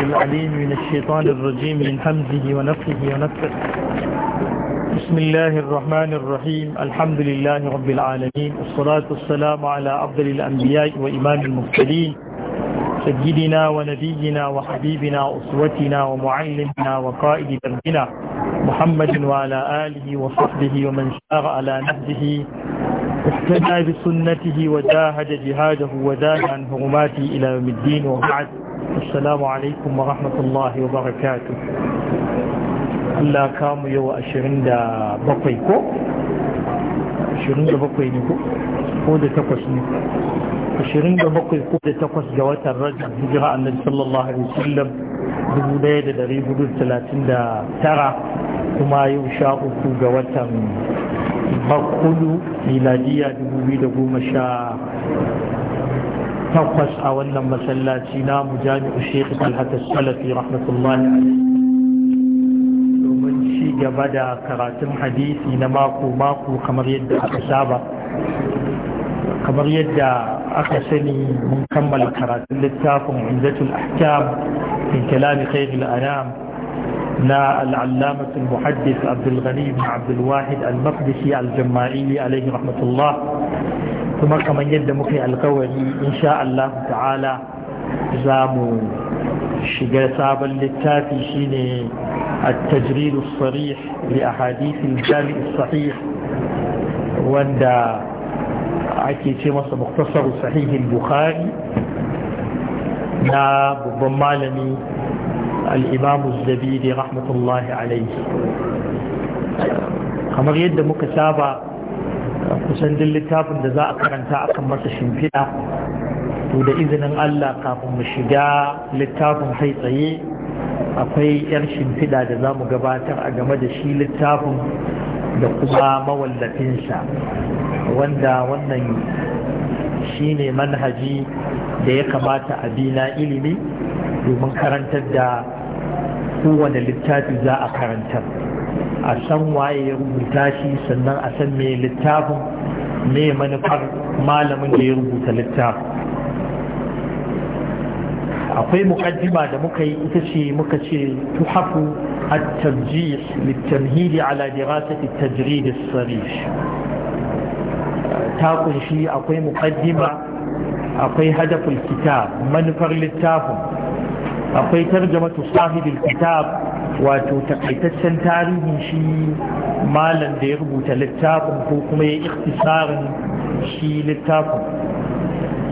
العليم من الشيطان الرجيم من حمزه ونفه ونفه بسم الله الرحمن الرحيم الحمد لله رب العالمين الصلاة والسلام على أفضل الأنبياء وإمام المرسلين سيدنا ونبينا وحبيبنا أسوتنا ومعلمنا وقائد دربنا محمد وعلى آله وصحبه ومن سار على نهجه احتدى بسنته وجاهد جهاده وزاد عن هرماته إلى يوم الدين وبعد السلام عليكم ورحمة الله وبركاته Allah kamu yau ashirin da bakwai ko? ashirin da bakwai ne ko da takwas ne ashirin da bakwai ko da takwas ga watan rajab hijira annabi sallallahu alaihi wasallam dubu daya da dari hudu talatin da tara kuma yau sha uku ga watan bakudu miladiya dubu biyu da goma sha takwas a wannan masallaci na mu jami'u shekhu talhatar salafi rahmatullahi domin ci gaba da karatun hadisi na mako-mako kamar yadda aka saba kamar yadda aka sani mun kammala karatun littafin indatul ahkam min kalami khairul anam na العلامة المحدث عبد الغني بن عبد الواحد المقدسي الجماعي عليه kuma kamar yadda muka yi alkawari insha Allah ta'ala za mu shiga sabon littafi shine التجريد الصريح لأحاديث الجامع sahih wanda ake ce masa muktasar sahihin bukhari na babban malami al'imamu zabiri rahmatullahi alaihi kamar yadda muka saba kusan duk littafin da za a karanta akan masa shimfiɗa to da izinin Allah kafin mu shiga littafin kai tsaye akwai 'yar shimfiɗa da za mu gabatar a game da shi littafin da kuma mawallafinsa wanda wannan shi ne manhaji da ya kamata a bina ilimi domin karantar da kowane littafi za a karantar. a san waye ya rubuta shi sannan a san mai littafin mai manufar malamin da ya rubuta littafin akwai mukaddima da muka yi ita ce muka ce tuhafu a tarjiyar littanhili ala dirasati tajridis sarish ta ƙunshi akwai mukaddima akwai hadafin kitab manufar littafin akwai tarjama tusahidin kitab wato takaitaccen tarihin shi malam da ya rubuta littafin ko kuma ya iktisarin shi littafin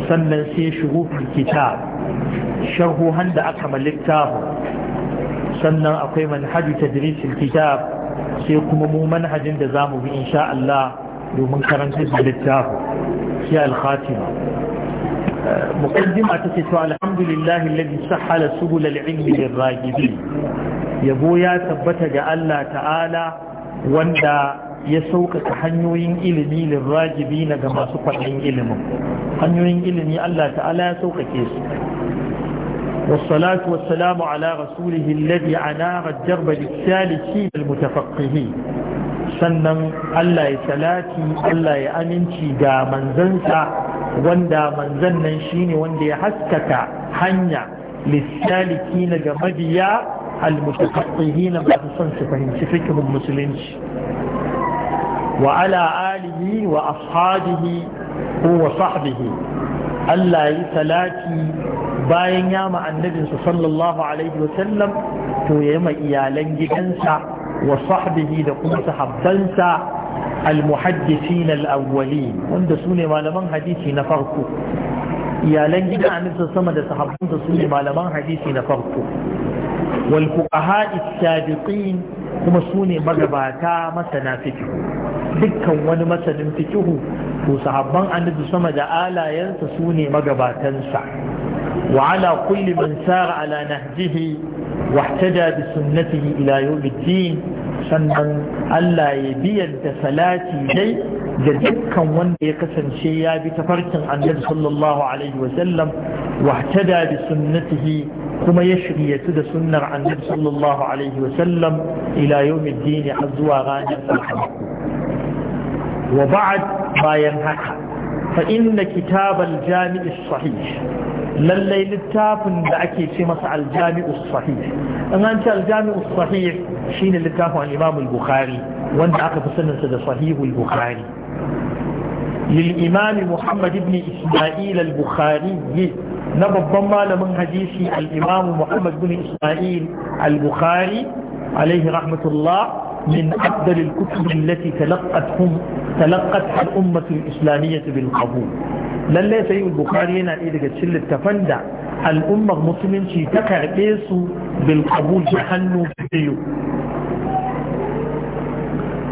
sannan sai shurufin kitab sharhuhan da aka ma littafin sannan akwai manhaju tadrisil kitab sai kuma mu manhajin da zamu bi insha Allah domin karanta da littafin sai al-khatima muqaddima take cewa alhamdulillahi alladhi sahhala subul al-ilmi yabo ya tabbata ga Allah ta'ala wanda ya sauƙaƙa hanyoyin ilimi lirrajibi na ga masu kwaɗin ilimin hanyoyin ilimi Allah ta'ala ya sauƙaƙe su والصلاة والسلام على رسوله الذي عنار الجرب للثالثين المتفقهين sannan Allah ya salati Allah ya aminci ga manzansa wanda manzan nan shine wanda ya haskaka hanya lissaliki na ga mabiya المتفقهين بعد صنف فهم فكه المسلمين وعلى آله وأصحابه هو صحبه ألا يتلاتي باين يام النبي صلى الله عليه وسلم تو يما إيالن جدنسا وصحبه دقم صحبنسا المحدثين الأولين وند سوني مالمان حديثي نفرقو إيالن جدن عن نفس السمد صحبنسا سوني مالمان حديثي نفرقو wal fuqaha as-sabiqin kuma sune magabata masana fikihu dukkan wani masanin fikihu to sahabban annabi sama da alayansa sune magabatansa wa ala kulli man sara ala nahjihi واحتجى بسنته إلى يوم الدين sannan Allah ya biyan da salati dai da dukkan wanda ya kasance ya bi tafarkin annabi sallallahu alaihi wa sallam wahtada bi sunnatihi kuma ya shiryatu da sunnar annabi sallallahu alaihi wa sallam ila yawmin din har zuwa ranar alhamd wa ba'd bayan haka fa inna kitab kitabal as sahih lalle littafin da ake ce masa as sahih an an ce as sahih shine littafin al-Imam al-Bukhari wanda aka fi sanin sa da sahih al bukhari lil Imami Muhammad ibn Isma'il al-Bukhari na babban malamin hadisi al’imamu Muhammad bin Isma’il al-Bukhari, alaihi rahmatullah, min abdalil kutubin talakat al’ummatin islamiyya ta bin abu. Lallai sai al yana da daga cikin littafan da al’ummar musulunci ta karɓe su bin abu ta hannu biyu.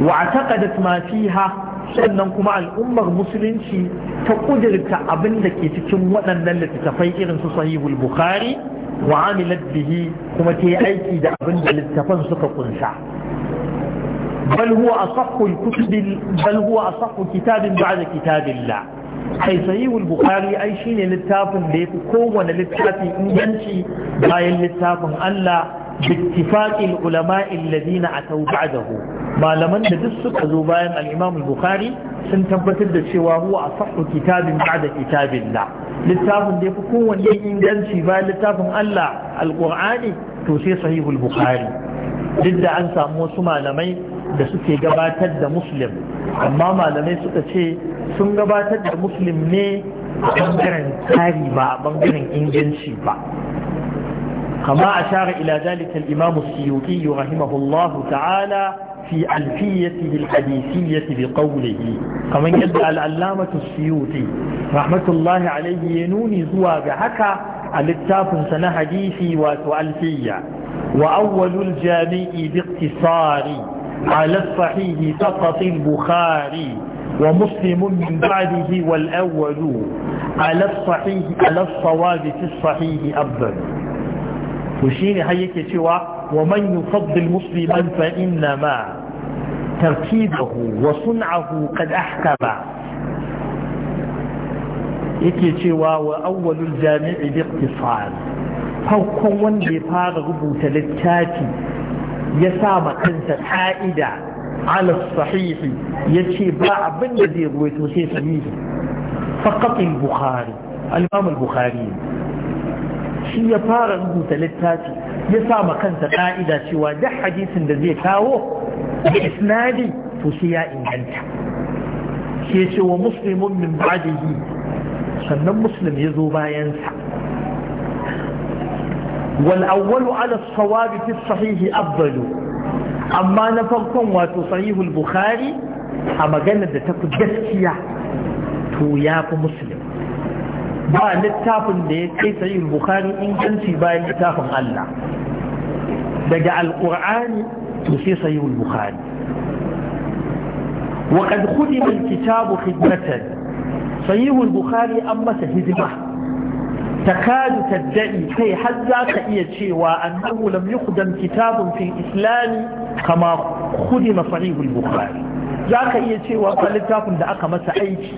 Wa a taƙadat ma fiha sannan kuma al'ummar musulunci ta kudirta abin da ke cikin waɗannan littattafai irin su sahihul bukhari wa amilat bihi kuma ta yi aiki da abin da littattafan suka kunsa bal huwa asahhu kutub bal huwa kitabin ba'da kitabillah kai sahihul bukhari ai shine littafin da yafi kowane littafi inganci bayan littafin Allah bittifaqil ulama'i alladhina atau ba'dahu malaman da duk suka zo bayan Al'imamul bukhari sun tabbatar da cewa huwa asahhu kitabin kitabin la. littafin da yafi kowanne inganci bayan littafin Allah al to sai sahihul Bukhari duk da an samu wasu malamai da suke gabatar da Muslim amma malamai suka ce sun gabatar da Muslim ne a bangaren tsari ba a bangaren inganci ba kama ashara ila zalika al-Imam as-Suyuti rahimahullahu ta'ala في ألفيته الحديثية بقوله كما يدعى العلامة السيوطي رحمة الله عليه ينوني زوا بحكا الاتاف سنة حديثي وألفية وأول الجامع باقتصار على الصحيح فقط البخاري ومسلم من بعده والأول على الصحيح على الصواب في الصحيح أفضل وشيني هيك سوى ومن يفضل مسلما فإنما ترتيبه وصنعه قد أحكم yake cewa wa awwalul jami'i bi iqtisal farkon wanda ya fara rubuta littafi ya sa ma kansa ka'ida ala sahihi yace ba abin da zai sai shi ya fara rubuta littafi ya sa ma kansa ka'ida cewa duk hadisin da zai kawo da isnadi to sai ya inganta sai ce wa muslimun min ba'dihi sannan muslim ya zo bayansa wal awwalu ala sawabi fi sahihi afdalu amma na farkon wato sahihul bukhari a maganar da ta fi gaskiya to ya fi muslim ba littafin da ya kai sahihul bukhari inganci bayan littafin Allah daga alqur'ani to sai sayyul bukhari wa kitabu khudima alkitabu khidmatan an masa hidima ta hizma takadu tadda'i kai har za ka iya cewa annahu lam yukhdam kitabun fi islam kama khudima sayyul bukhari za ka iya cewa ba littafin da aka masa aiki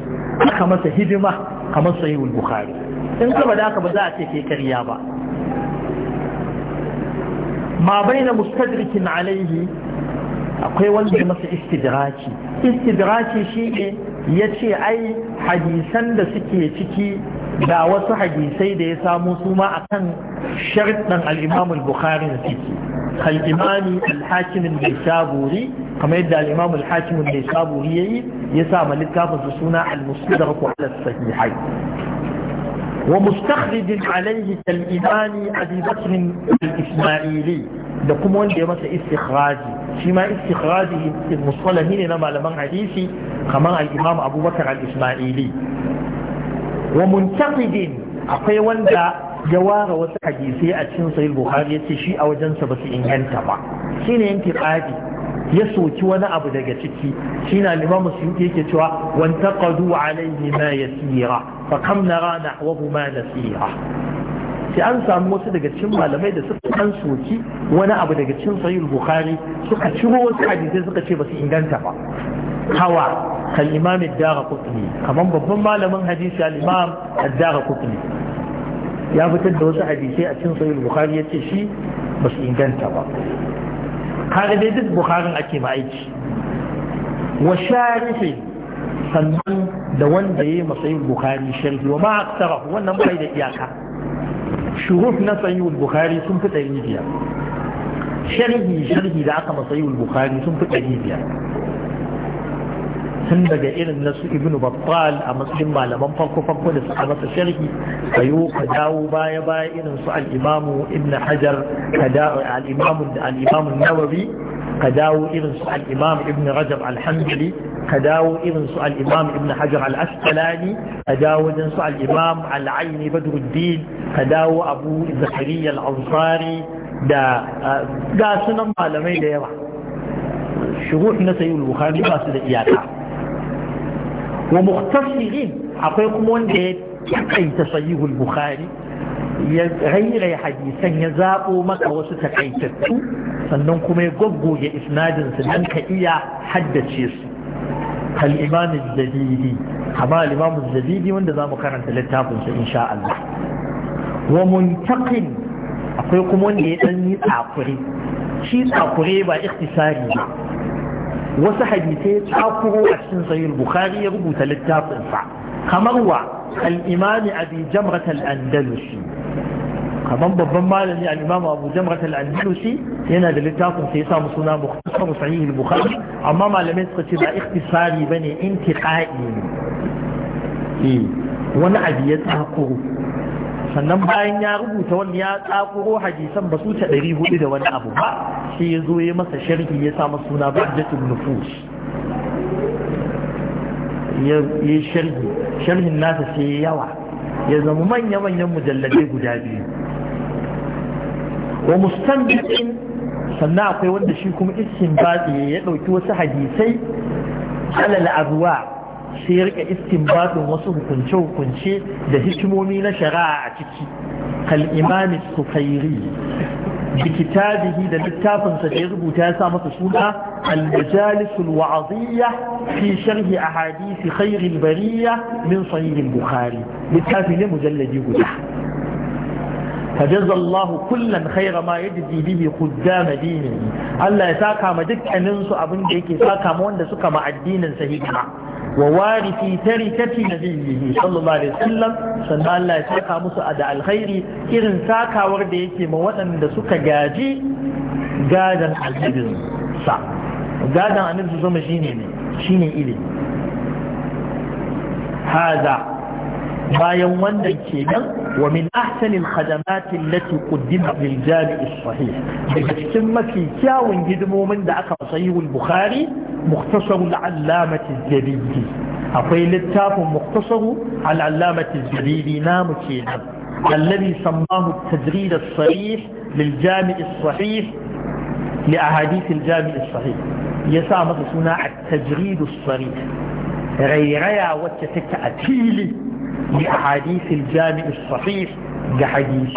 aka masa hidima kamar sayyul bukhari in ka ba ba za a ce kai karya ba ma baina mustadrikin alaihi akwai wanda masa istidraki istidraki shi ne ya ce ai hadisan da suke ciki da wasu hadisai da ya samu su ma a kan sharɗin al'imamul bukhari da suke kal'imami alhakimin mai saburi kamar yadda al'imamul hakimin mai saburi ya yi ya sa ma littafin su suna al-musulun da sahihai Wa ومستخرج عليه كالإمام أبي al الإسماعيلي da kuma wanda ya masa istikhraji shi ma istikhraji musalahi ne na malaman hadisi kamar al abubakar al-isma'ili wa muntaqidin akwai wanda ya ware wasu hadisai a cikin Buhari ya ce shi a wajensa ba su inganta ba shine yanke qadi ya soki wani abu daga ciki shi na limamu musu yake cewa wanta ƙadu alaihi ma ya tsira fa kam na rana wahu ma na tsira sai an samu wasu daga cikin malamai da suka an soki wani abu daga cikin sahih bukhari suka ciro wasu hadisai suka ce ba su inganta ba hawa kan imam ad-dara qutni kaman babban malamin hadisi al-imam ad-dara qutni ya fitar da wasu hadisai a cikin sahih bukhari yace shi ba su inganta ba kaga dai duk Buharin ake ma aiki wa Sharifi sannan da wanda ya yi matsayin bukhari sharhi wa ma wannan bai da iyaka shuruf na sayyul bukhari sun fi ɗari biyar sharhi sharhi da aka masayin Buhari sun fi ɗari biyar tun daga irin nasu ibn ibnu battal a matsayin malaman farko farko da suka masa sharhi kayo ka dawo baya baya irin su al-imamu ibn hajar ka dawo al-imamu da al-imamu nawawi ka dawo irin su al-imam ibn rajab al-hanbali ka dawo irin su al-imam ibn hajar al-asqalani ka dawo din su al-imam al-aini badruddin ka dawo abu zakariya al-ansari da ga sunan malamai da yawa shuruh na sayyid al-bukhari ba su da iyaka Wamuktafin akwai kuma wanda ya yaƙayta sayigun Bukhari, ya raira Hadisan ya zaɓo maka wasu takaitattu sannan kuma ya goggoge ifnajinsu nan ka iya haddace su. Kan imamins ɗabibi, amma alimamin ɗabibi wanda za mu karanta littafinsa insha'Allah. Wamuntakin akwai kuma wanda ya danyi tsakure, shi tsakure ba irki sare wasu hadisai takuro a cikin sahih bukhari ya rubuta littafinsa kamar wa al-imami abi jamrat al-andalusi kamar babban malami al-imam abu jamrat al-andalusi yana da littafin sa ya samu suna mukhtasar sahih bukhari amma malamai suka ce ba ikhtisari bane intiqai ne eh, wani abu ya takuro sannan bayan ya rubuta wani ya tsakuro hadisan ba su ta ɗari hudu da wani abu ba sai ya zo ya masa sharhi ya sa suna bajjatun nufus ya sharhi sharhin nasa sai ya yawa ya zama manya-manyan mujalladai guda biyu wa mustanbitin sannan akwai wanda shi kuma iskin baɗi ya ɗauki wasu hadisai alal abuwa sai ya rika istinbatin wasu hukunce-hukunce da hikimomi na shari'a a ciki kal'imami sukairi bi kitabihi da littafinsa da ya rubuta ya sa masa suna al wa'aziyya fi sharhi ahadisi khairil bariya min sahih bukhari littafi ne mujalladi guda فجزى الله كلا خير ما يجزي به خدام دينه الله يساكا ما دكانن سو ابن da yake saka ma wanda suka ma addinin sa hikima wa warithi tarikati nabiyhi sallallahu alaihi wasallam sannan Allah ya saka musu da alkhairi irin sakawar da yake ma waɗanda suka gaji gadon aljibin sa gadan annabi zama shine ne shine ilimi hada bayan wannan kenan ومن أحسن الخدمات التي قدمت للجامع الصحيح بجتم في كاو جدمو من دعك صحيح البخاري مختصر العلامة الزبيدي أقول التاف مختصر العلامة الزبيدي نام كينا الذي سماه التدريد الصريح للجامع الصحيح لأحاديث الجامع الصحيح يسامى سناع التجريد الصريح غيرها وتتك أتيلي لأحاديث الجامع الصحيح لحديث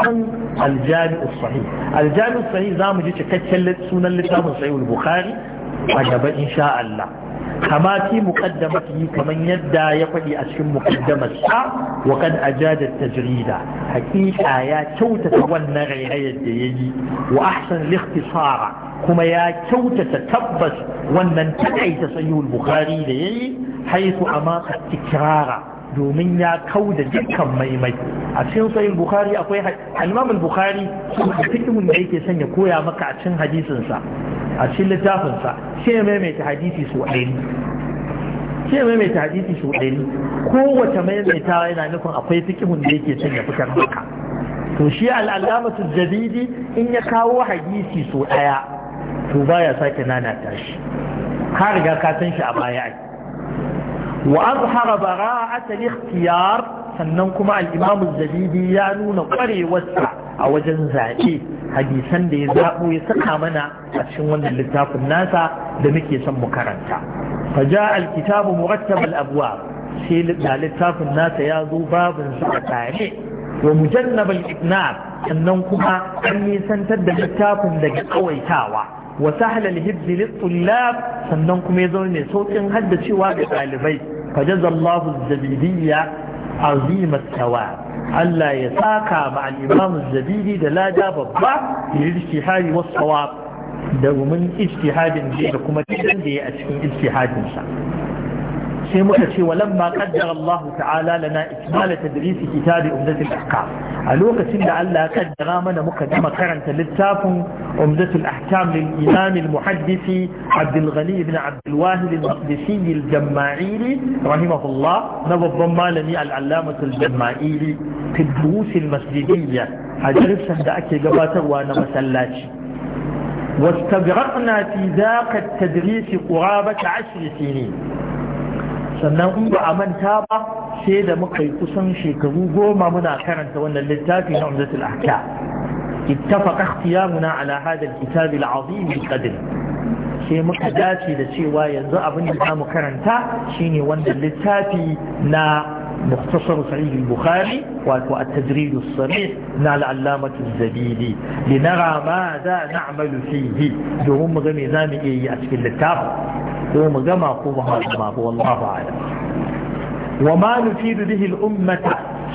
الجامع الصحيح الجامع الصحيح زام جيش كتل سنة لتام الصحيح البخاري أجابا إن شاء الله كما في مقدمته كمن يدى يقضي أسهم مقدمة وقد أجاد التجريد حقيقة يا توتة والنغي هي يدي وأحسن الاختصار كما يا توتة تبس ومن تدعي تصيح البخاري ليه حيث أماط التكرار domin ya kau da dukkan maimai a cikin sayin bukhari akwai al-imam bukhari fiqhun da yake sanya koya maka a cikin hadisin sa a cikin littafin sa sai ya maimaita hadisi su ɗari sai ya maimaita hadisi su ɗari kowace maimaita yana nufin akwai fiqhun da yake sanya fitar maka to shi al-allamatu jadidi in ya kawo hadisi su ɗaya to baya sake nana tashi ka riga ka san shi a baya ai وأظهر براعة الاختيار sannan kuma al'imamu zabibi ya nuna ƙwarewarsa a wajen zaɓe hadisan da ya zaɓo ya saka mana a cikin wannan littafin nasa da muke son mu karanta fa ja alkitabu murattab al-abwa sai da littafin nasa ya zo babin sa a tare wa mujannab al sannan kuma an nisantar da littafin daga tsawaitawa wa sahla al-hibz sannan kuma ya zama ne saukin haddacewa ga ɗalibai fa jazallahu zabidiyya Allah ya saka ma al-imam zabidi da lada babba da ijtihadi wa thawab da mun ijtihadin da kuma tidan da ya a cikin ijtihadin sa sai muka ce walamma qaddara Allah ta'ala lana ikmal tadrisi kitab da al-ahkam a lokacin da Allah ya kaddara mana muka gama karanta littafin عمدة الأحكام للإمام المحدث عبد الغني بن عبد الواهد المقدسي الجماعيلي رحمه الله نظم مالني العلامة الجماعيلي في الدروس المسجدية أجرب سهدأك قباتر وأنا مسلاتي واستبرقنا في ذاك التدريس قرابة عشر سنين sannan in ba a manta ba sai da muka yi kusan shekaru goma muna karanta wannan littafi na ahkam اتفق اختيامنا على هذا الكتاب العظيم بقدر sai muka dace da cewa yanzu abin da za mu karanta shine wanda littafi na muktasar sahih al wato at-tajrid as-sahih na al-allama az-zabidi li nara ma za na'mal domin mu ga me za mu yi a cikin littafi ko mu gama ko ba ma ko wallahi a'lam wa ma nufidu bihi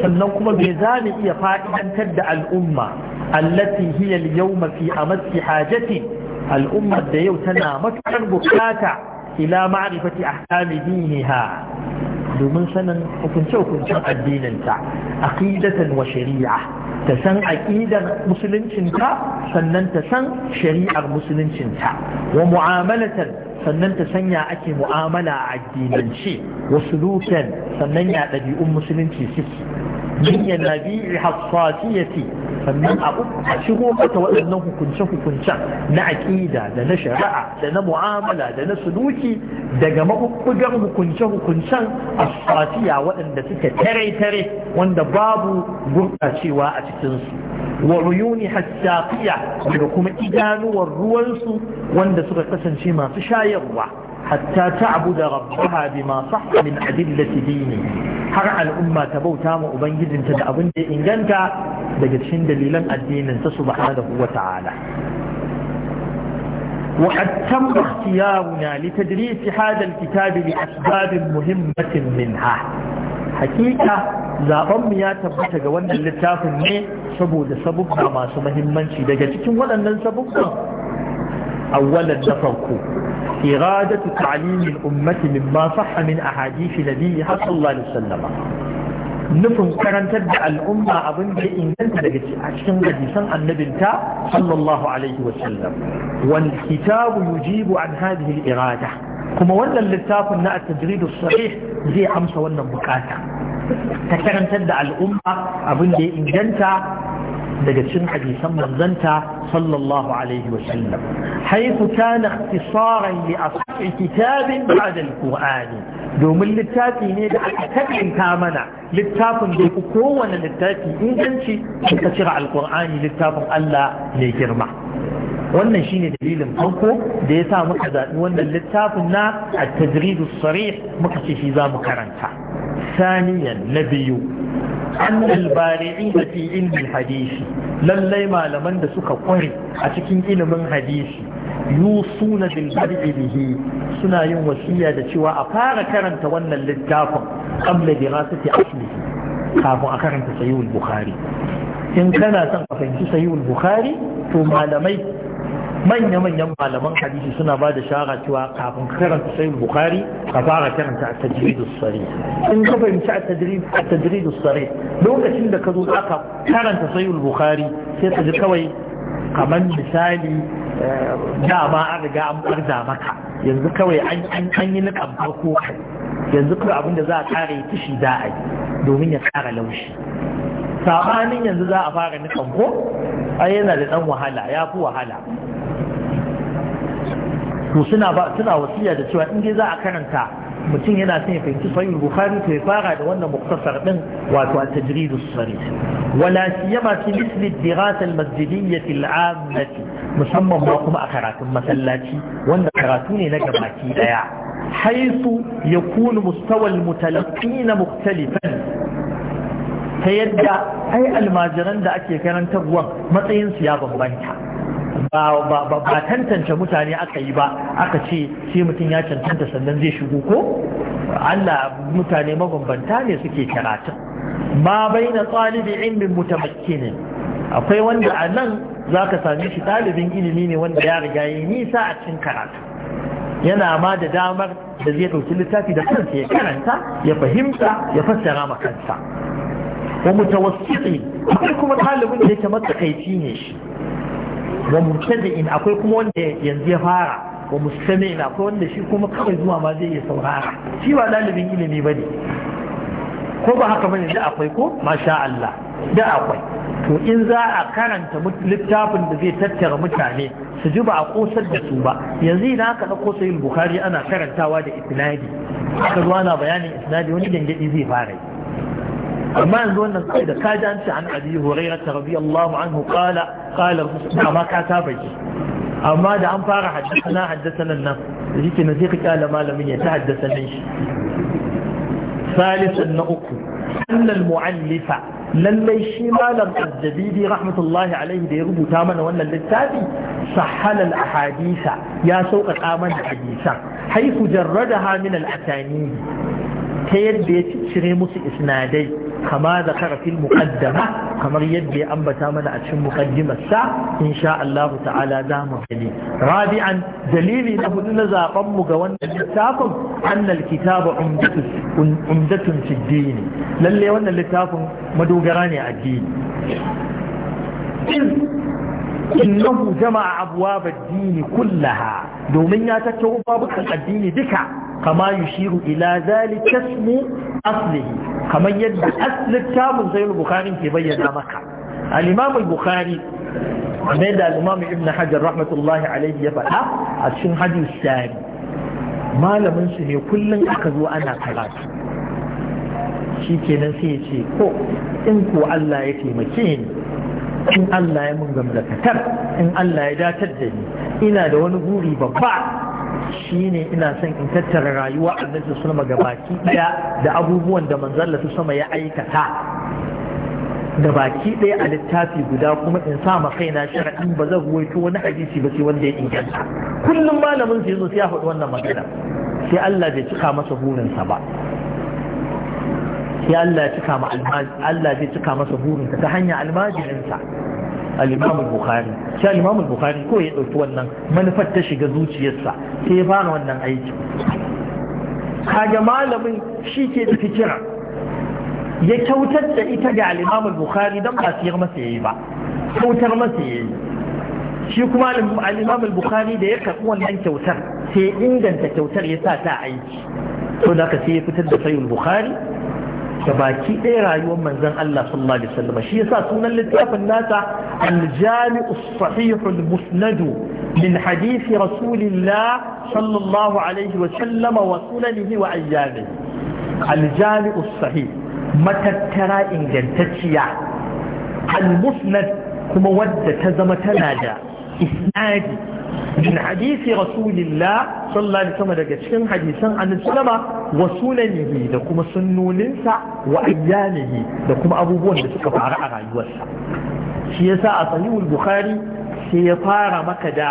sannan kuma bai za mu iya fa'idantar da al'umma allati hiyal yau mafi a amati hajati al'umma da yau tana matukar bukata ila ma'rifati ahkami diniha domin sanin hukunce hukuncen addininta a wa shari'a ta san aƙidar musuluncinta sannan ta san shari'ar musuluncinta wa mu'amalatan sannan ta sanya ake mu'amala a addinance wa lukan sannan ya ɗabi'un musulunci suke jinyar nabi'i hassasiyati sannan a shigo mata waɗannan hukunce-hukuncen na aƙida da na shari'a da na mu'amala da na suluki daga maɓuɓɓugan hukunce-hukuncen hassasiya waɗanda suke tare-tare wanda babu gurɓacewa a cikinsu wa ruyuni hassafiya daga kuma idanuwar ruwansu wanda suka kasance masu shayarwa hatta ta abu da rabbaha bima sahha min adillati dini har al'umma ta bauta ma ubangijinta da abin da ya inganta daga cikin dalilan addinin ta da wa ta'ala وقد تم اختيارنا لتدريس هذا الكتاب لأسباب مهمة Hakika حقيقة zaɓenmu ya tabbata ga wannan littafin ne saboda sabubba masu mahimmanci daga cikin waɗannan sabubban أولا نفرق إرادة تعليم الأمة مما صح من أحاديث نبيها صلى الله عليه وسلم nufin karantar da al'umma abin ya inganta daga cikin hadisan annabinta sallallahu alaihi wasallam wal kitabu yujibu an hadhihi irada kuma wannan littafin na at-tajrid as zai amsa wannan bukata ta karantar da al'umma abinda ya inganta daga cin hadisan manzanta sallallahu alaihi wa sallam haifu kana ikhtisaran a ashabi kitabin da alqur'ani domin littafi ne da aka ta mana littafin da ku kowane littafi inganci ka cire alkur'ani littafin Allah mai girma wannan shine dalilin farko da ya sa muka zaɓi wannan littafin na a tajridus sarih muka ce shi za mu karanta na biyu. an albari'i da fi hadisi lallai malaman da suka kware a cikin ilimin hadisi yusuna bil bihi suna yin wasiya da cewa a fara karanta wannan littafin qabla dirasati asli kafin a karanta sahihul bukhari in kana son ka fahimci sahihul bukhari to malamai manya-manyan malaman hadisi suna ba da shara cewa kafin karanta sai bukari ka fara karanta a tajridus sari in ka fahimci a tajridus sari lokacin da ka zo aka karanta sai bukari sai ka ji kawai kamar misali eh, dama an riga an barza maka yanzu kawai an yi nikan farko yanzu kawai abin da za a kare tishi za a yi domin ya kara laushi sabanin yanzu za a fara nikan ko ai yana da dan wahala ya fi wahala to suna ba suna wasiya da cewa in dai za a karanta mutum yana son ya fahimci sahih bukhari to ya fara da wannan muktasar din wato at-tajrid as-sarih wala siyama fi misli ad-dirasa al-masjidiyyah al musamman ma kuma a karatun masallaci wanda karatu ne na gabaki daya haisu yakunu mustawa al na mukhtalifan ta yadda ai almajiran da ake karantarwa matsayinsu ya bambanta ba tantance mutane aka yi ba aka ce sai mutum ya cancanta sannan zai shigo ko Allah mutane mabambanta ne suke karatun ma bai na tsalibi ilmin akwai wanda a nan za ka same shi ɗalibin ilimi ne wanda ya riga yi nisa a cikin karatu yana ma da damar da zai ɗauki littafi da kansa ya karanta ya fahimta ya fassara ma kansa wa mutawassiti akwai kuma ɗalibin da yake matsakaici ne shi wa mubtadi'in akwai kuma wanda yanzu ya fara wa mustami'in akwai wanda shi kuma kawai zuwa ma zai iya saurara shi ba dalibin ilimi bane ko ba haka bane da akwai ko masha Allah da akwai to in za a karanta littafin da zai tattara mutane su ji ba a kosar da su ba yanzu idan aka ɗauko sayin bukari ana karantawa da isnadi aka zuwa na bayanin isnadi wani dangadi zai fara yi amma yanzu wannan kai da kaji an ce an abi rabi radiyallahu anhu kala kala qala amma ka ta baki amma da an fara haddasa haddasa nan nan yake na sai ka kyala malamin ya ta haddasa nan shi salisan na uku annal mu'allifa lallai shi malam aljabidi rahmatullahi alaihi da ya rubuta mana wannan littafi sahalal ahadisa ya sauƙaƙa mana hadisan haifu jarradaha min al-atani ta yadda ya cire musu isnadai kama da karafin muƙaddama kamar yadda ya ambata mana a cikin muƙaddimarsa in sha Allah ta'ala za mu gani rabi'an dalili na hudu na zaben mu ga wannan littafin annal kitaba umdatun fiddini lalle wannan littafin madogara ne addini إنه جمع أبواب الدين كلها دومين يتكتب بابك addini duka, كما yushiru ila ذلك اسم أصله kamar yadda littafin sai bukari ke bayyana maka al-imam al-bukhari kamar yadda al-imam ibn hajar rahmatullahi alaihi ya faɗa a cikin hadis sari malamin su ne kullum aka zo ana karatu shi kenan sai ya ce ko in ko Allah ya taimake ni in Allah ya mun gamlakatar in Allah ya datar da ni ina da wani guri babba Shi ne ina son in tattara rayuwa annabi sallallahu alaihi baki daya da abubuwan da manzon Allah sama ya aikata da baki ɗaya a littafi guda kuma in sa ma kaina shar'in ba zan ruwaito wani hadisi ba sai wanda ya inganta kullum malamin sai zo sai ya faɗi wannan magana sai Allah bai cika masa burinsa ba sai Allah ya cika ma almajiri Allah bai cika masa burinsa ta hanyar almajirinsa al bukhari sai al bukhari ko ya ɗauki wannan manufar ta shiga zuciyarsa sai ya fara wannan aiki kaga malamin shi ke da ya kyautar da ita ga al-Imam al-Bukhari dan ba siyar masa yayi ba kyautar masa yayi shi kuma al-Imam bukhari da ya karbi wannan kyautar sai inganta kyautar ya sa ta aiki to da ka sai ya fitar da sayyid bukhari da baki ɗaya rayuwar manzon Allah sallallahu alaihi wasallam shi yasa sunan littafin nasa al-jami'u sahih al-musnad min hadisi rasulillah sallallahu alaihi wasallam wa sunanihi wa al-jami'u sahih matattara ingantacciya al-musnad kuma wadda ta zama tana da isnadi min hadisi rasulillah sallallahu alaihi wasallam daga cikin hadisan annabi sallama wa sunanihi da kuma sunnoninsa wa ayyamihi da kuma abubuwan da suka faru a rayuwarsa shi yasa a sahihul bukhari sai ya fara maka da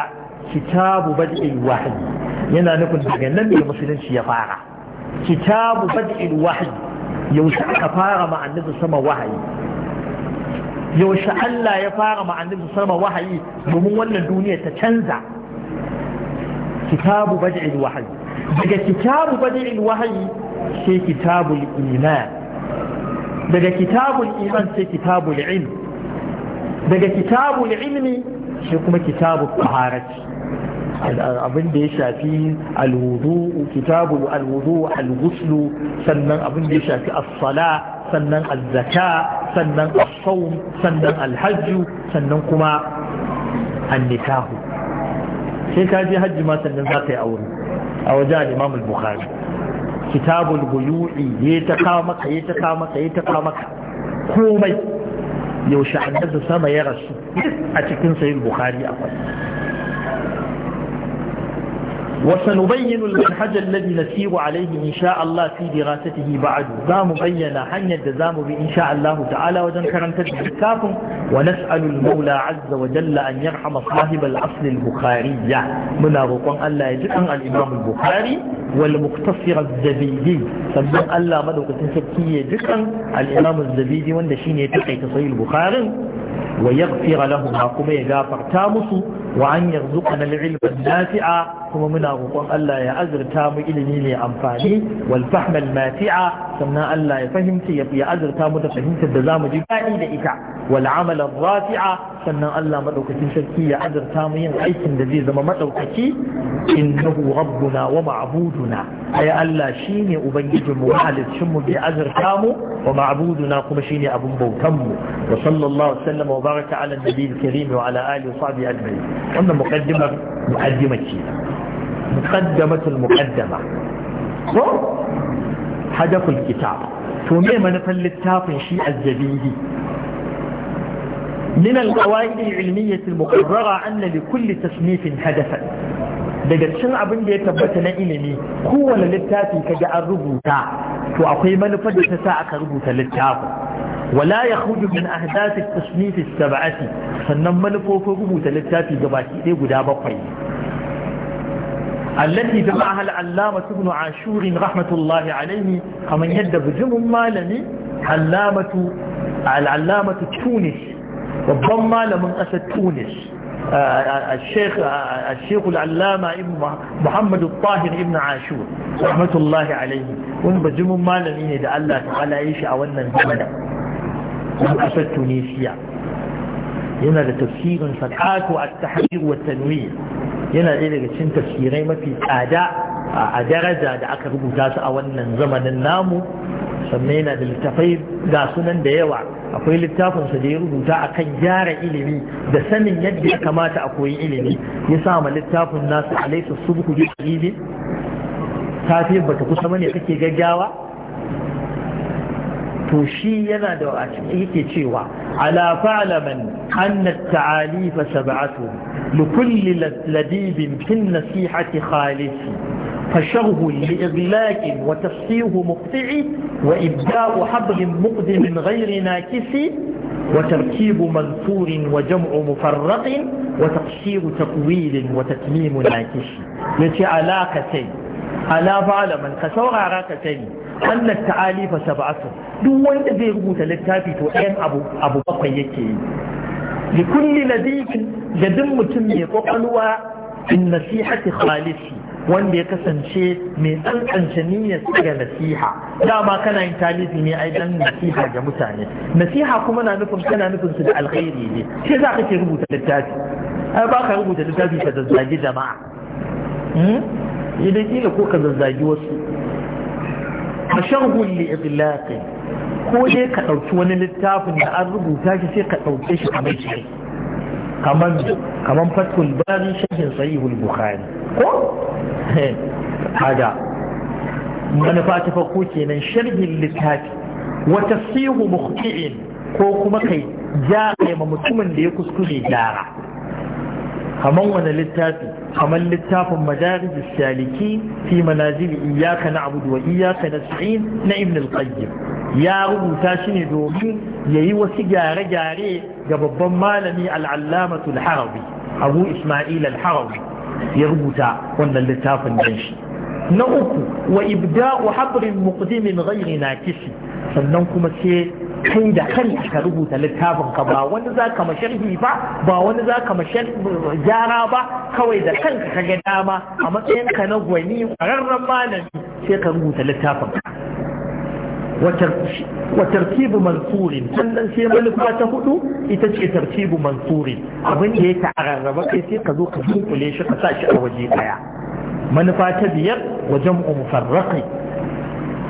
kitabu bad'il wahyi yana nufin daga nan ne musulunci ya fara kitabu bad'il wahyi yaushe aka fara ma annabi sama wahayi yaushe Allah ya fara ma'anin annabi sama wahayi domin wannan duniya ta canza kitabu bad'il wahayi daga kitabu bad'il wahayi sai kitabul iman daga kitabul iman sai kitabul ilm daga kitabul ilmi sai kuma kitabul taharati abin da ya shafi alwudu kitabu alwudu alghuslu sannan abin da ya shafi as-sala sannan azzaka sannan as-sawm sannan al sannan kuma an sai ka je hajji ma sannan za ka yi aure a wajen Imam al-Bukhari kitabul buyu'i ya ta kawo maka ya ta kawo maka ya ta kawo maka komai yaushe annabi sama ya rasu a cikin sahih Bukhari akwai وسنبين المنهج الذي نسير عليه إن شاء الله في دراسته بعد زام بين حنيا الدزام بإن شاء الله تعالى وذنكرن تدبكاكم ونسأل المولى عز وجل أن يرحم صاحب الأصل البخاري من أبوكم ألا يجب أن الإمام البخاري والمقتصر الزبيدي سبب ألا مدوك تنسكي يجب الإمام الزبيدي وأن شين يتقي تصير البخاري ويغفر لهم كما يغفر تامسوا وأن يرزقنا العلم النافع كما منا غطان ألا يأذر تام إلمي لأنفاني والفهم الماتع سمنا ألا يفهمت يأذر تام تفهمت الدزام جبائي لإتع والعمل الرافع سمنا ألا مدوكتي شركي يأذر تام ينعيك الذي زم مدوكتي إنه ربنا ومعبودنا أي ألا شيني أبنجد المحالد شم بأذر تام ومعبودنا كما شيني أبو بوتم وصلى الله وسلم وبارك baraka ala nabi kirim wa ala ali wa sahbi ajmai wannan muqaddima muqaddima ce muqaddamatul muqaddama ko hadaful kitab to me manufar littafin shi azzabidi من القواعد العلمية المقررة أن لكل daga cikin abin da ya tabbata na ilimi kowane littafi kaga an rubuta to akwai manufar da ta sa aka rubuta littafin ولا يخرج من أهداف التصنيف السبعة فنما نفوفه متلتا في جباكي قدا بقي التي جمعها العلامة ابن عاشور رحمة الله عليه كما يد بجم مالني علامة العلامة تونس وضم من أسد تونس آه، آه، الشيخ آه، الشيخ العلامة ابن محمد الطاهر ابن عاشور رحمة الله عليه ونبجم مالني إذا الله تعالى يشاء وننزمنا na ƙasar tunisiya yana da tafsirin saƙato a tahrir wa tanwir yana ɗaya daga cikin tafsirai mafi tsada a daraja da aka rubuta su a wannan zamanin namu sannan yana da littafai ga sunan da yawa akwai littafinsa da ya rubuta a kan gyara ilimi da sanin yadda ya kamata a koyi ilimi ya sa littafin nasu alaisa subhu bi ta tafiyar bata kusa bane kake gaggawa to shi yana da yake cewa ala fa'laman anna at-ta'alif sab'atu li kulli ladibin fi nasihati khalis لإغلاق وتفصيه مقطع وإبداء حبل مقدم غير ناكس وتركيب منثور وجمع مفرق وتقصير تقويل وتتميم ناكس يتي علاقتين على فعل من كسور علاقتين annat ta'alifa fa sab'atu duk wanda zai rubuta littafi to ɗayan abu abu bakwai yake yi li kulli ladibin duk mutum mai kwakwalwa in nasihati khalisi wanda ya kasance mai tsantsance niyyar ga nasiha dama kana yin talifi ne ai dan nasiha ga mutane nasiha kuma na nufin kana nufin su da alkhairi ne sai za ka ke rubuta littafi ai ba ka rubuta littafi ka zazzagi jama'a hmm? idan kila ko ka zazzagi wasu fasharhu li ko dai ka ɗauki wani littafin da an rubuta shi sai ka ɗauke shi kamar shi kamar kamar fatul bari shahin sahihul bukhari ko hada manufa ta farko kenan sharhin littafi wa tasihu mukhti'in ko kuma kai ja ma mutumin da ya kuskure jara kamar wani littafi kamar littafin madarij saliki fi manazili na abudu wa iyyaka nasta'in na ibn al-qayyim ya rubuta shi ne domin yayi wasu gyare-gyare ga babban malami al-allamatul harabi abu isma'il al-harabi ya rubuta wannan littafin dan shi na uku wa ibda'u habrin muqdimin ghayri nakisi sannan kuma sai kai da kanka ka rubuta littafin ka ba wani za ka masharhi ba ba wani za ka gyara ba kawai da kanka ka ga dama a matsayin ka na gwani ƙwararren malami sai ka rubuta littafin ka wa tartibu mansurin sannan sai manufa ta hudu ita ce tartibu mansurin abin da ya ta'ararraba kai sai ka zo ka dunkule shi ka sa shi a waje daya manufa ta biyar wa jam'u mufarraqi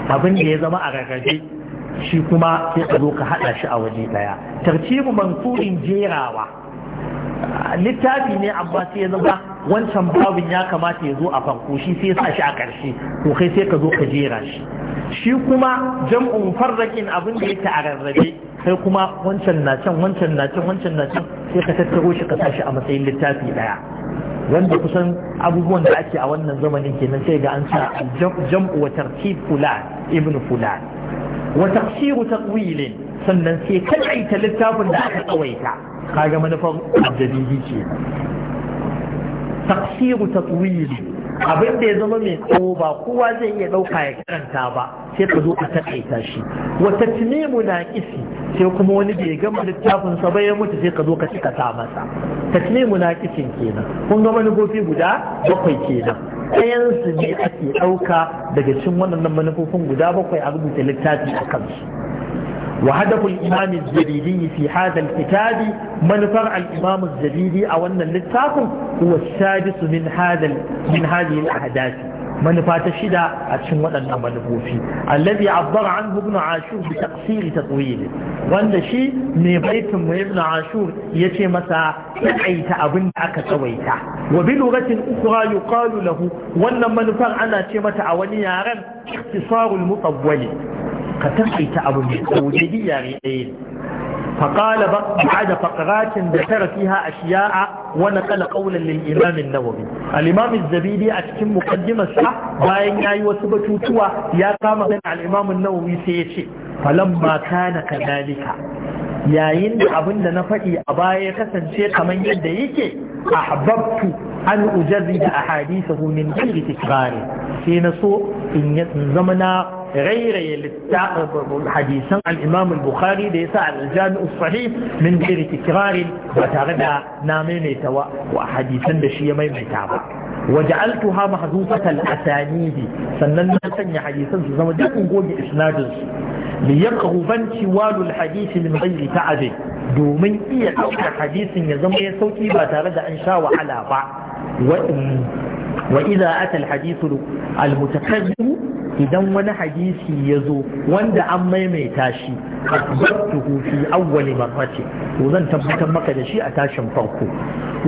abin da ya zama a rarrabe shi kuma sai ka zo ka haɗa shi a waje ɗaya tartibu mansurin jerawa littafi ne amma sai ya zama wancan babin ya kamata ya zo a farko shi sai sa shi a ƙarshe to kai sai ka zo ka jera shi shi kuma jam'un farrakin abin da yake a rarrabe kai kuma wancan na can wancan na can wancan na can sai ka tattaro shi ka sa shi a matsayin littafi ɗaya wanda kusan abubuwan da ake a wannan zamanin kenan sai ga an sa jam'u wa tartib fulan ibnu fulan wa taqsiru taqwil sannan sai ta littafin da aka tsawaita kaga manufar abdabibi ce taqsiru taqwil abin da ya zama mai tsawo ba kowa zai iya ɗauka ya karanta ba sai ka zo ka taƙaita shi wata tunimu na ƙisi sai kuma wani bai gama littafin sa bai ya mutu sai ka zo ka cika sa masa ta tunimu na ƙisin kenan kun ga manufofi guda bakwai kenan ɗayansu ne ake ɗauka daga cikin waɗannan manufofin guda bakwai a rubuta littafi a kansu وهدف الإمام الزبيدي في هذا الكتاب منفر الإمام الزبيدي أو أن اللتاف هو السادس من هذا من هذه الأحداث manufa ta shida a cikin waɗannan manufofi allazi abbar an ibn ashur bi taqsir tatwil wanda shi ne baitin mu ibn ashur yace masa taƙaita abin da aka tsawaita wa bi lugatin ukhra yuqalu lahu wannan manufar ana ce mata a wani yaren iktisarul mutawwali ka takaita abin da tsawaita yare ɗaya فقال بعد فقرات ذكر فيها أشياء ونقل قولا للإمام النووي الإمام الزبيدي أتكم مقدمة سعى باين ياي وسبتو توا يا قام من الإمام النووي سيشي فلما كان كذلك yayin da abin da na faɗi a baya ya kasance kamar yadda yake ahbabtu an ujarri da hadisa min ghairi tikbari sai na so in zama na rairaye hadisan al al-Bukhari da yasa al-Jami' sahih min ghairi tikirari ba tare da na maimaita wa hadisan da shi ya maimaita ba waja'altuha mahdhufatan asanidi sannan na sanya hadisan su zama dukkan goge isnadin liyaqhuban tiwalul hadisi min ghairi ta'abi domin iya ɗaukar hadisin ya zama ya sauki ba tare da an sha wahala ba wa wa idza ata alhadithu almutaqaddim idan wani hadisi ya zo wanda an maimaita shi asbattuhu fi awwal marrati to zan tabbatar maka da shi a tashin farko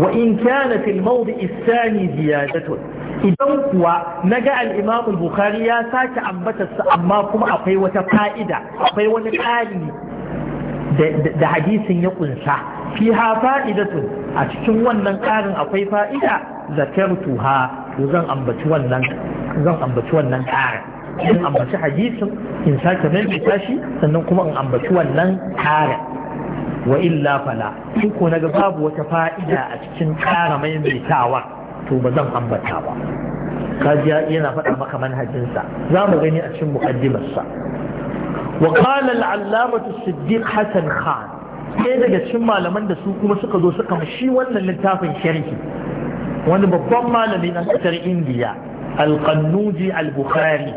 wa in kana fil mawdi athani ziyadatun idan kuwa naga al-imam al-bukhari ya sake ambatarsa amma kuma akwai wata fa'ida akwai wani ƙari da hadisin ya ƙunsa. fi ha fa'idatun a cikin wannan ƙarin akwai fa'ida zakartuha to zan ambaci wannan zan ambaci wannan ƙara in ambaci hadisin in sake maimaita shi sannan kuma in ambaci wannan ƙara wa illa fala in ko naga babu wata fa'ida a cikin ƙara maimaitawa to ba zan ambata ba kaji yana faɗa maka manhajinsa za mu gani a cikin sa wa qala al-allamatu siddiq hasan khan sai daga cikin malaman da su kuma suka zo suka shi wannan littafin sharhi wani babban malami na ƙasar indiya alƙannuji al-bukhari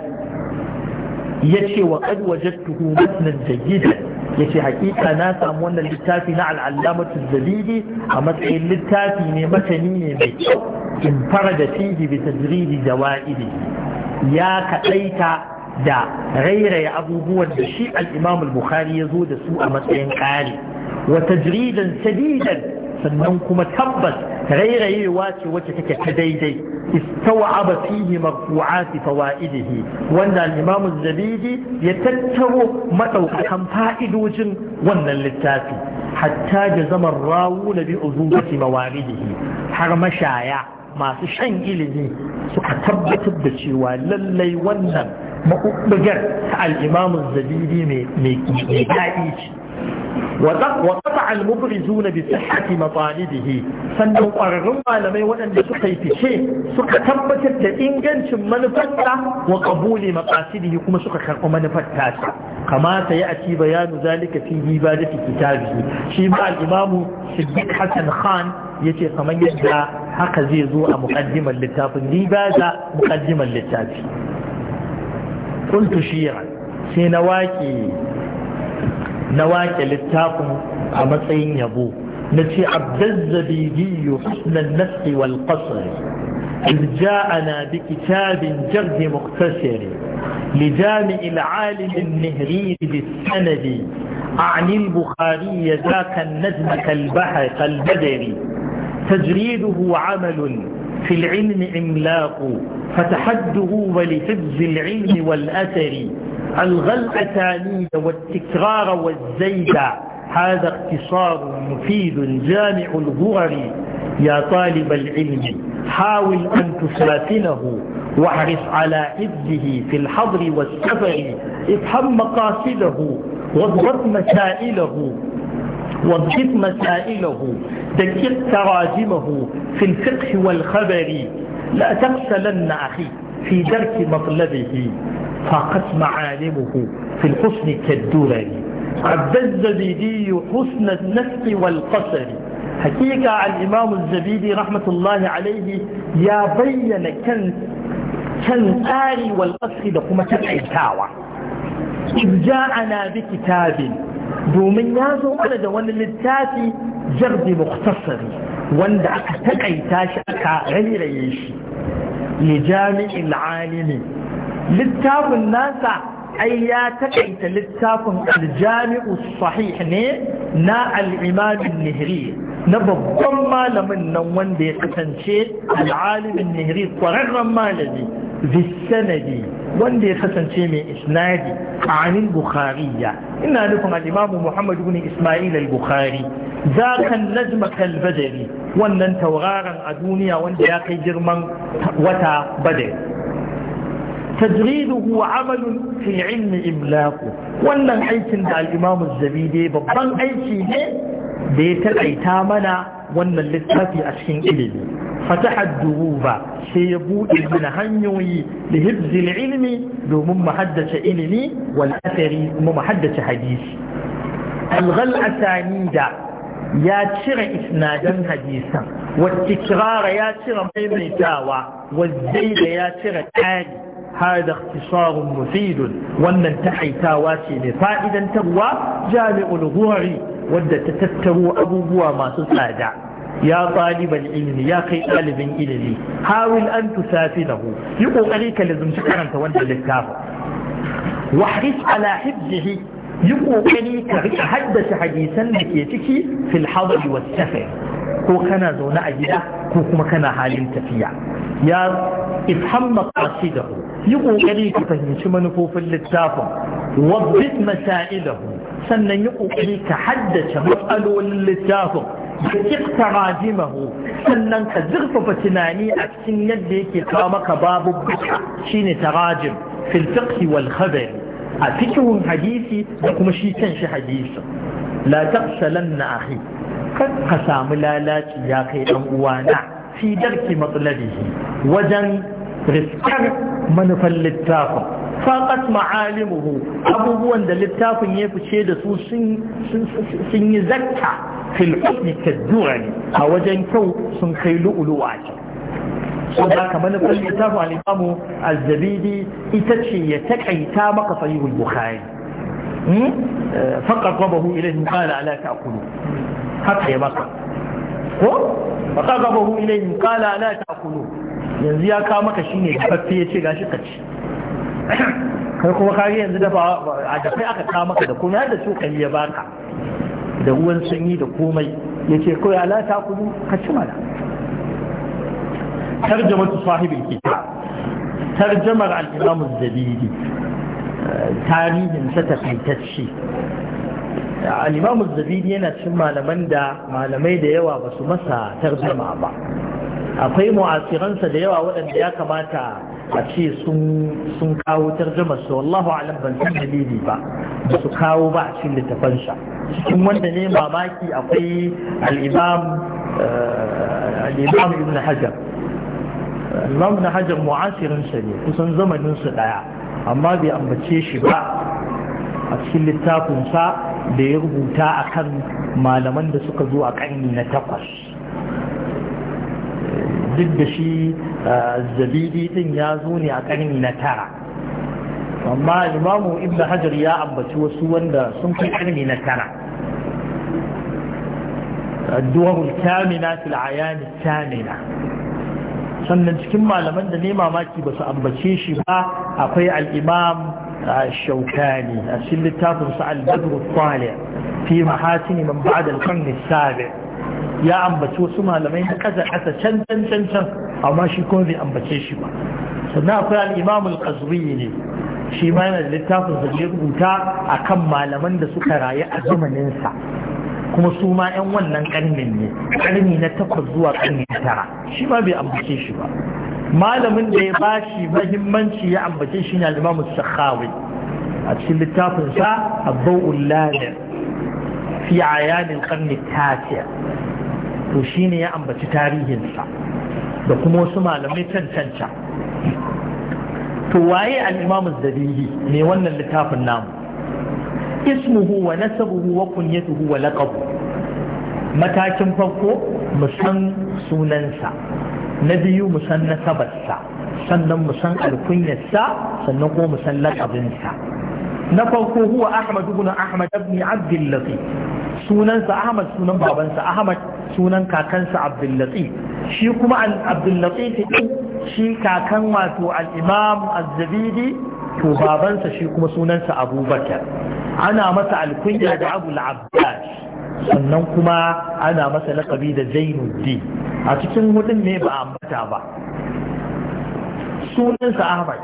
ya ce wa ƙad wajattuhu matnan jayyidan ya ce hakika na samu wannan littafi na al'allamatu zalili a matsayin littafi ne matani ne mai kyau in fara da fihi bi da jawa'idi ya kaɗaita da rairaya abubuwan da shi al-imam al-bukhari ya zo da su a matsayin ƙari wa tajridan sadidan sannan kuma tabbas rairayewa ce wacce take ta daidai istawa'aba fihi marfu'ati fawaidihi wanda al-imam zabidi ya tattaro madaukakan fa'idojin wannan littafi hatta da zaman rawuna bi uzubati mawaridihi har mashaya masu shan ilimi suka tabbatar da cewa lallai wannan maɓuɓɓugar ta al-imam az-zabidi mai daɗi ce وقطع المبرزون بصحة مطالبه sannan ƙwararrun malamai waɗanda suka yi fice suka tabbatar da ingancin manufarta wa ƙabuli maƙasidihi kuma suka karɓi manufar tasa kamata ya ci bayanu zalika fi ibadati kitabihi shi ma al-imamu Siddiq Hassan Khan yace kamar yadda haka zai zo a muqaddimar littafin libaza muƙaddimar littafi qultu shi'ran sai na waƙe na للتاقم littafin a matsayin yabo na ce abdazzabidiyu husnan nasi wal إذ جاءنا بكتاب جرد مختصر لجامع العالم النهري بالسند عن البخاري ذاك النجم كالبحر كالبدر تجريده عمل في العلم عملاق فتحده ولحفظ العلم والأثر ألغى الأسانيد والتكرار والزيد هذا اختصار مفيد جامع الغرر يا طالب العلم حاول أن تسافنه واحرص على حفظه في الحضر والسفر افهم مقاصده واضبط مسائله واضغط مسائله دقق تراجمه في الفقه والخبر لا تقتلن أخي في درك مطلبه فاقت معالمه في الحسن كالدرر عبد الزبيدي حسن النسق والقصر حقيقة الإمام الزبيدي رحمة الله عليه يا بين كان كان آري والقصر دقومة الحكاوة إذ جاءنا بكتاب دومن يازو zo mana للتاتي جرد مختصر jarbi muktasari wanda aka takaita shi aka littafin nasa ai ya takaita littafin aljami'u sahih ne na al'imamin nihri na babban malamin nan wanda ya kasance al'alimin nihri ƙwararren malami bisanadi wanda ya kasance mai isnadi anin bukhariya ina nufin al'imamu muhammadu ibn ismail al-bukhari za kan najma kalbadari wannan tauraron a duniya wanda ya kai girman wata badari huwa amalun fi ilmi imlaku wannan aikin da al-imam az babban aiki ne da ya taƙaita mana wannan littafi a cikin ilimi fataha ba sai ya buɗe mana hanyoyi da hibzil ilmi domin mu haddace ilimi wal athari kuma mu haddace hadisi al-ghal'atani da ya cire isnadan hadisan wacce kirara ya cire maimaitawa wazzai da ya cire Ha da tisarun مفيد wannan ta'aitawa ce ne fa'idantarwa jami'ul ghuri wadda ta tattaro abubuwa masu tsada ya ɗaliban ilimi ya kai ɗalibin ilimi hawil an tusafi hu yi ƙoƙari ka lazumci karanta wanda littafin wahris ala hibzihi yi kokari ka rika haddace hadisan da ke ciki fil hadari was safar ko kana zaune a gida ko kuma kana halin tafiya ya ifham maqasidahu yi kokari ka fahimci manufofin littafin wabbit masailahu sannan yi kokari ka haddace matsalolin littafin da kifta rajimahu sannan ka zurfafa tunani a cikin yadda yake kawo maka babu buka shine tarajim fil fiqh wal khabari a fikihun hadisi da kuma shi kan shi hadisi la taqsalan na ahi kan ka samu lalaci ya kai dan uwana fi darki matsalabihi wajen riskar manufan littafin faqat ma'alimuhu abubuwan da littafin ya fice da su sun yi zakka fil husni kaddu'ani a wajen kyau sun kai lu'ulu'a ce sun da aka manufar littafin al'imamu azzabidi ita ce ya takaita maka sahihul bukhari hmm? eh, faƙar gabahu ilayhi qala ala ta'kulu haka ya maka ko faƙar gabahu ilayhi qala ala ta'kulu yanzu ya kawo maka shine dafaffe ya ce gashi ka ci kai kuma kage yanzu dafa a dafai aka kawo maka da kuma da cokali ya baka da ruwan sanyi da komai ya ce kawai ala ta'kulu ka ci mana tarjamatu sahibul kitab tarjamar al-imam tarihin sa takaitacce al yana cikin malaman da malamai da yawa ba masa tarjama ba akwai mu'asiransa da yawa waɗanda ya kamata a ce sun kawo tarjamar su wallahu alam ban san dalili ba ba su kawo ba a cikin littafansa cikin wanda ne mamaki akwai al-imam eh, al hajar imam na hajar mu'asirinsa ne kusan zamaninsa ɗaya amma bai ambace shi ba a cikin littafinsa da ya rubuta a kan malaman da suka zo a ƙarni na takwas duk da shi zabidi ɗin ya zo ne a ƙarni na tara amma imamu ibn hajar ya ambaci wasu wanda sun ƙarni na tara الدور الثامنة في العيان الثامنة sannan cikin malaman da ne mamaki ba su ambace shi ba akwai al'imam shaukani a cikin littafin su al-badru tsali fi mahatini man ba'da al sabi ya ambace wasu malamai na kaza kasa can can can can amma shi kuma bai ambace shi ba sannan akwai al-imam al-qazwini shi ma yana da littafin da ya rubuta akan malaman da suka rayu a zamanin sa kuma su ma 'yan wannan karnin ne karni na takwas zuwa ƙarni tara shi ma bai ambace shi ba malamin da ya ba shi mahimmanci ya ambace shi ne alimamu sakhawi a cikin littafinsa abubuwan ladin fi a yanin ƙarni tafiya to shi ne ya ambaci tarihinsa da kuma wasu malamai cancanta to waye alimamu zabihi ne wannan littafin namu ismuhu wa nasabuhu wa kunyatuhu wa laqabu matakin farko musan sunansa na biyu musan nasabarsa sannan musan alkunyarsa sannan ko musan laqabinsa na farko huwa ahmad ibn ahmad ibn abd sunansa ahmad sunan babansa ahmad sunan kakansa abd shi kuma abd shi kakan wato al-imam az-zabidi to babansa shi kuma sunansa abubakar ana masa alkunya da abu al-abbas sannan kuma ana masa laƙabi da zainuddin a cikin hudun ne ba ambata ba sunansa ahmad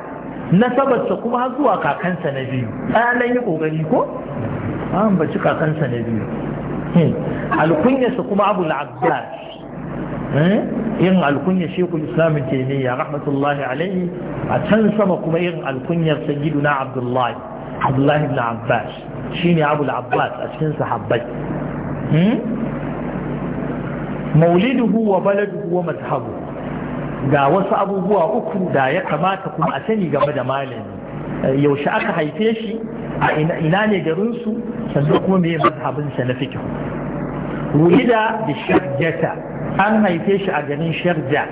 nasabarsa kuma har zuwa kakansa na biyu ɗanan yi ƙoƙari ko an baci kakansa na biyu hmm. alkunyarsa kuma abu al-abbas irin eh? alkunyar shekul islamin taimiyya rahmatullahi alaihi a can sama kuma irin alkunyar sayyiduna abdullahi abdullahi ibn abbas ne abu abbas a cikin sahabbai hmm? mauliduhu wa baladuhu wa mazhabu ga wasu abubuwa uku da ya kamata kuma a sani game da malami eh, yaushe aka haife shi a ina ne garinsu sannan kuma mai mazhabinsa na fikin wulida da shaddata an haife shi a garin sharja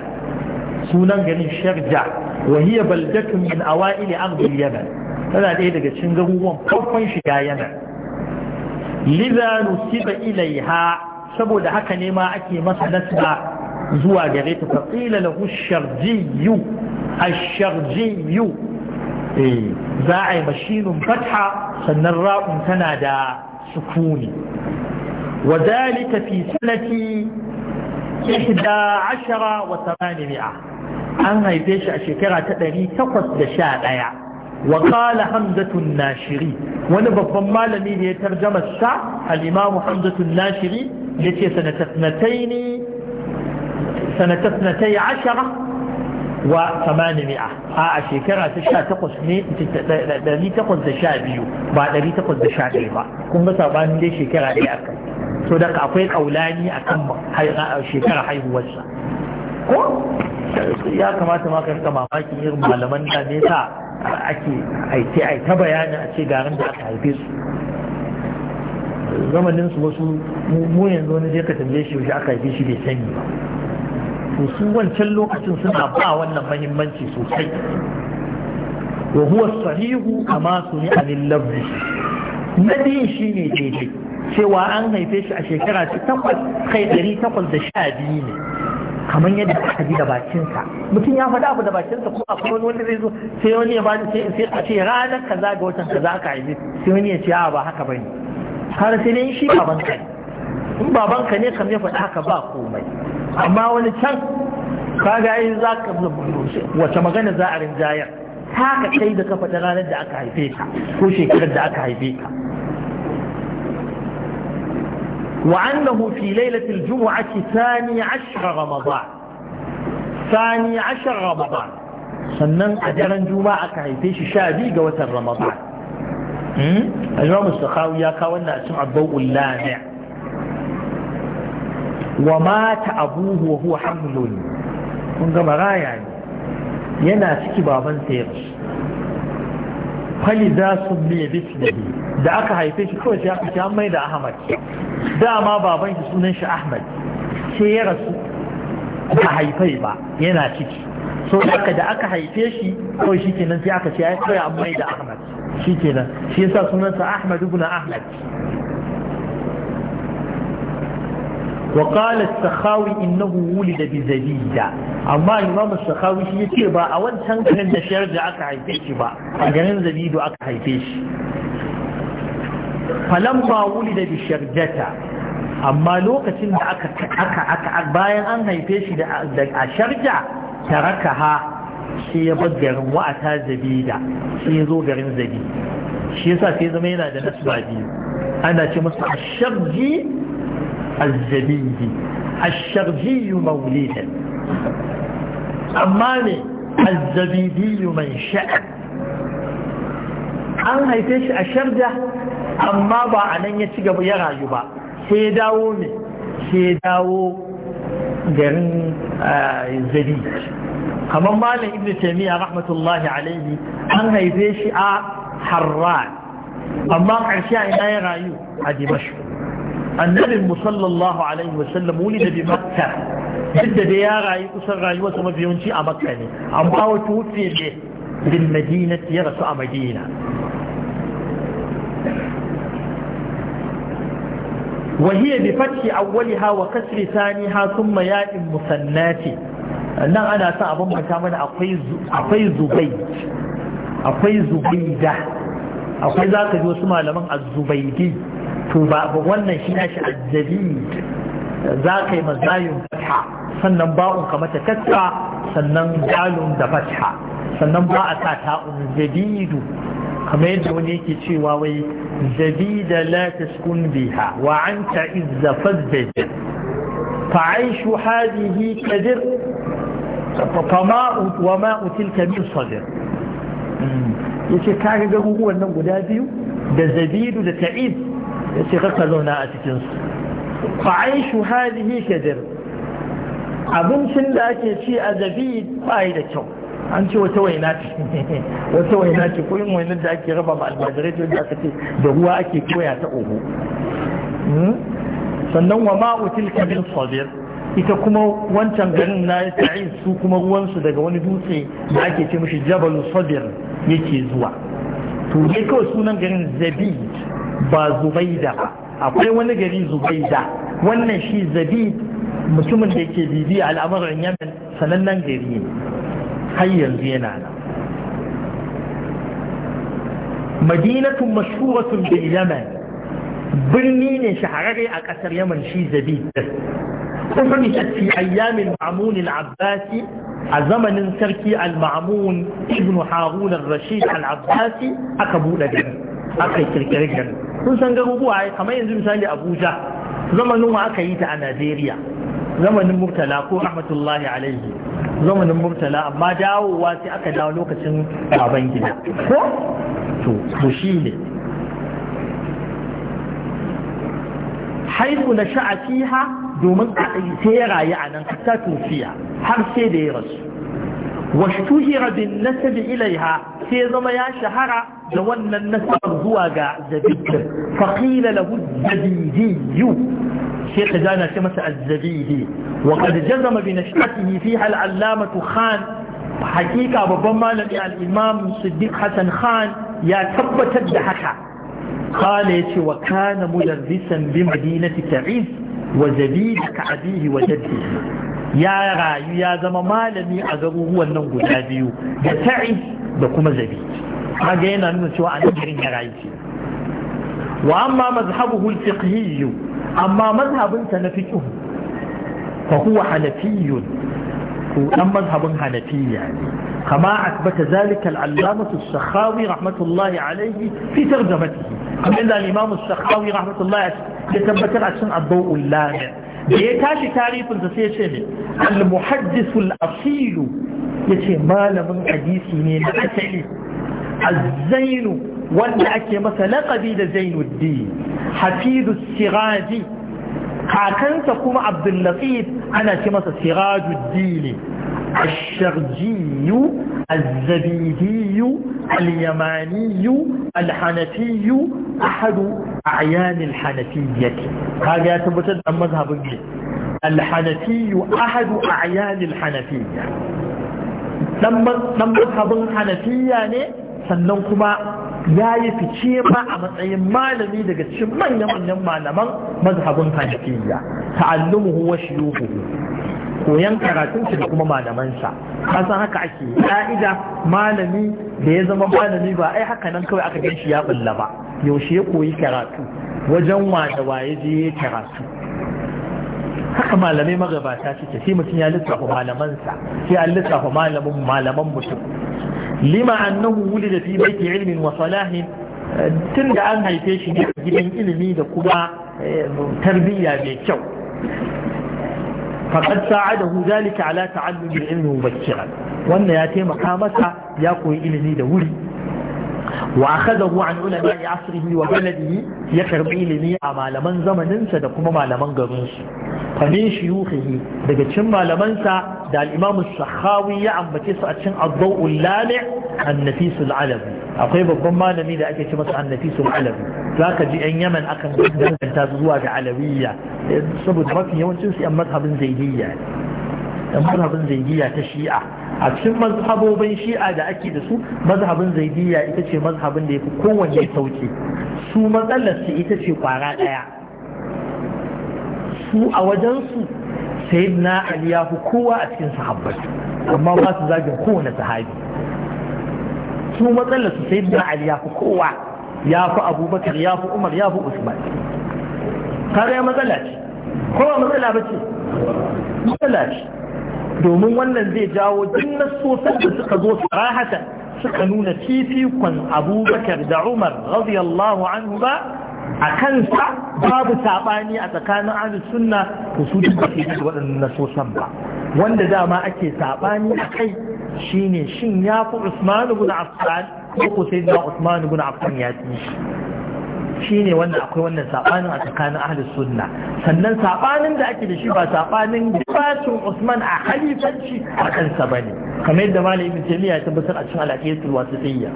sunan garin sharja wahiya hiya baldatun min awaili ardil yaman tana ɗaya daga cikin garuruwan farkon shiga yana liza nusiba ilaiha saboda haka ne ma ake masa nasba zuwa gare ta faqila lahu sharjiyyu ash eh, za a yi mashinun fatha sannan ra'un tana da sukuni wadalika fi sanati ihda an haife shi a shekara ta ɗari takwas da sha ɗaya wa hamdatun nashiri wani babban malami da ya tarjama sa al-imamu hamdatun nashiri yace sanatatnataini sanatatai ashara wa tamanimi'a a shekara ta sha takwas ɗari takwas da sha biyu ba ɗari takwas da sha ba kun ga dai shekara ɗaya to da akwai kaulani akan shekara haihuwarsa ko ya kamata ma ka rika mamakin irin malaman da ne ake aike ai ta bayani a ce garin da aka haife su zamanin su wasu mu yanzu wani zai ka tambaye shi yaushe aka haife shi bai sani ba to su wancan lokacin suna ba wannan mahimmanci sosai wa huwa sahihu kama su ne a lillabbi na din shi ne daidai cewa an haife shi a shekara ta takwas kai ɗari takwas da sha biyu ne kamar yadda aka ji da bakinsa mutum ya faɗa abu da bakinsa ko a kuma wani zai zo sai wani ya bani sai a ce ranar kaza ga watan kaza aka haife sai wani ya ce a ba haka bane har sai dai shi baban ka ne in baban ka ne kam ya faɗa haka ba komai amma wani can ka ga yi za ka wace magana za a rinjayar haka kai da ka faɗa ranar da aka haife ka ko shekarar da aka haife ka وأنه في ليلة الجمعة ثاني عشر رمضان ثاني عشر رمضان sannan a daren juma'a aka haife shi sha biyu ga watan ramadan al-imam sakhawi ya kawo wannan a cikin abbaul lami wa mata abuhu wa huwa hamlun kun ga maraya ne yana ciki baban sa ya rasu fali za su bi biyu. da aka haife shi kawai sai aka mai da Ahmad dama baban shi sunan shi Ahmad sai ya rasu ba haifai ba yana ciki so aka da aka haife shi kawai shi kenan sai aka ce ya fita mai da Ahmad shi kenan shi yasa sunansa Ahmad ibn Ahmad وقال السخاوي إنه ولد بزبيدة أما إمام السخاوي شيء يتير با أول تنكرن نشير جاء أكا هيفيش با أجنن زبيدو أكا هيفيش ba falamma da bi sharjata amma lokacin da aka aka aka bayan an haife shi da a sharja ta raka ha, shi ya bar garin wa'ata zabida shi ya zo garin zabi shi yasa sai zama yana da nasba biyu ana ce masa asharji azzabidi asharji maulidan amma ne a Zabidi yu man sha'a an haife shi a sharja amma ba a nan ya ci gaba ya rayu ba sai dawo ne sai dawo garin eh, zabi kamar malam ibn taymiya rahmatullahi alaihi an haife shi a harran amma ƙarshe a ina ya rayu a dimashq annabin musallallahu alaihi wasallam da bi makka duk da ya rayu kusan rayuwarsa mafi a makka ne amma wata wuce ne bin madina ya rasu a madina وهي بفتح أولها وكسر ثانيها ثم ياء مسنات أن أنا سأظن كمان أقوي زبيد أقوي زبيدة أقوي ذاك جو اسمها لمن الزبيدي wannan shi nashi الزبيد ذاك مزايم فتحة sannan ba'un ka mata kassa sannan dalun da fatha sannan ba a sa ta'un zabidu kamar yadda wani yake cewa wai جديدة لا تسكن بها وعنك إذ فزدت فعيش هذه كدر فماء وماء تلك من صدر yace ka ga garuruwan nan guda biyu da zabidu da ta'id yace kaka zauna a cikin su fa aishu kadir abincin da ake ci a zabid ba da kyau an ce wata waina ce wata waina ce ko yin wainar da ake raba ba almajirai ta aka ce da ruwa ake koya ta oho hmm? sannan wa ma'util kabir sabir ita kuma wancan garin na ta'in su kuma ruwansu daga wani dutse da ake ce mishi jabal sabir yake zuwa to ne kawai sunan garin zabid ba zubaida ba akwai wani gari zubaida wannan shi zabid mutumin da yake bibiya al'amuran yamen sanannen gari ne har yanzu yana nan madinatun mashuratun bil yaman birni ne shahararre a kasar yaman shi zabi kuma ta ayyamin ma'amun al'abbasi a zamanin sarki al ibnu haruna rashid al-abbasi aka buɗe gari aka kirkiri gari sun san garubuwa ya kamar yanzu misali abuja zamanin wa aka yi ta a najeriya zamanin murtala ko rahmatullahi alaihi zamanin murtala amma dawowa sai aka dawo lokacin baban gida ko to shi ne haifu na sha'a fiha domin sai ya rayu a nan ta tufiya har sai da ya rasu washtuhira bin nasabi ilaiha sai zama ya shahara da wannan nasabar zuwa ga zabidin faqila lahu zabidiyyu الشيخ زانا كما تأذبيه وقد جزم بنشأته فيها العلامة خان حقيقة ببما لدي الإمام صديق حسن خان يا كبة الدحكة قال وكان مدرسا بمدينة تعيز وزبيد كأبيه وجده يا غاي يا زم ما لدي أذبوه والنوغ الهديو يتعيز بكم زبيد ما جينا نسوى أنه جرين يا غايتي وأما مذهبه الفقهي أما مذهب na فهو حنفي huwa مذهب حنفي يعني كما أثبت ذلك العلامة السخاوي رحمة الله عليه في ترجمته أما الإمام السخاوي رحمة الله عليه يثبت عشان الضوء اللامع بيتاشي تعريف الزسيشي المحدث الأصيل يتي ما حديثه حديثي من أسعي الزين wanda ake masa laƙabi da zainuddin hafizu siraji kakansa kuma abdullatif ana ce masa sirajuddin الشرجي الزبيدي اليماني الحنفي أحد أعيان الحنفية هذا يتبتد عن مذهب الجيد الحنفي أحد أعيان الحنفية لما مذهب الحنفية سننكما ya yi fice ba a matsayin malami daga cikin manya-manyan malaman mazhabin hanafiya ta'allumuhu wa shuyuhu koyan karatun shi da kuma malamansa kasan haka ake ka'ida malami da ya zama malami ba ai haka nan kawai aka gan shi ya bulla ba yaushe ya koyi karatu wajen wa da waye je karatu haka malamai magabata suke sai mutum ya lissafa malamansa sai an lissafa malamin malaman mutum lima annahu wulida fi baiti ilmin wa salahin tun da an haife shi ne gidan ilimi da kuma eh, tarbiyya mai kyau faqad sa'adahu zalika ala ta'allumi ilmi mubakkiran wannan ya taimaka masa ya koyi ilimi da wuri وأخذه عن علماء عصره ya يكرم ilimi a malaman زمن da kuma malaman garinsu. famin shiyuhihi daga cin malamansa da al'imamu sahawi ya ambace su a cin abubuwan lale annafisul alabi akwai babban malami da ake ce masa annafisul alabi zaka ji yan yaman akan danganta zuwa ga alawiya saboda mafi yawancin su yan mazhabin zaidiyya yan mazhabin zaidiyya ta shi'a a cin mazhabobin shi'a da ake da su mazhabin zaidiyya ita ce mazhabin da ya fi kowanne sauki su matsalar su ita ce kwara ɗaya su a wajensu sai na ali kowa a cikin sahabbai amma ba su zagin kowane sahabi su matsalar su sai na ali kowa ya fi abubakar ya fi umar ya fi usman kare ya matsala ce kowa matsala ba ce matsala ce domin wannan zai jawo duk nasosan da suka zo sarahatan suka nuna fifikon abubakar da umar radiyallahu anhu ba a kansa babu saɓani a tsakanin ahli sunna to su duk ke da waɗannan nasosan ba wanda dama ake saɓani a kai shine shin ya fi Usman ibn Affan ko ko sai da Usman ibn Affan ya ci shi shine wanda akwai wannan saɓanin a tsakanin ahli sunna sannan saɓanin da ake da shi ba saɓanin bacin Usman a halifanci a kansa bane kamar yadda Malam Ibn Taymiyyah ya tabbatar a cikin al-Aqidatul Wasitiyya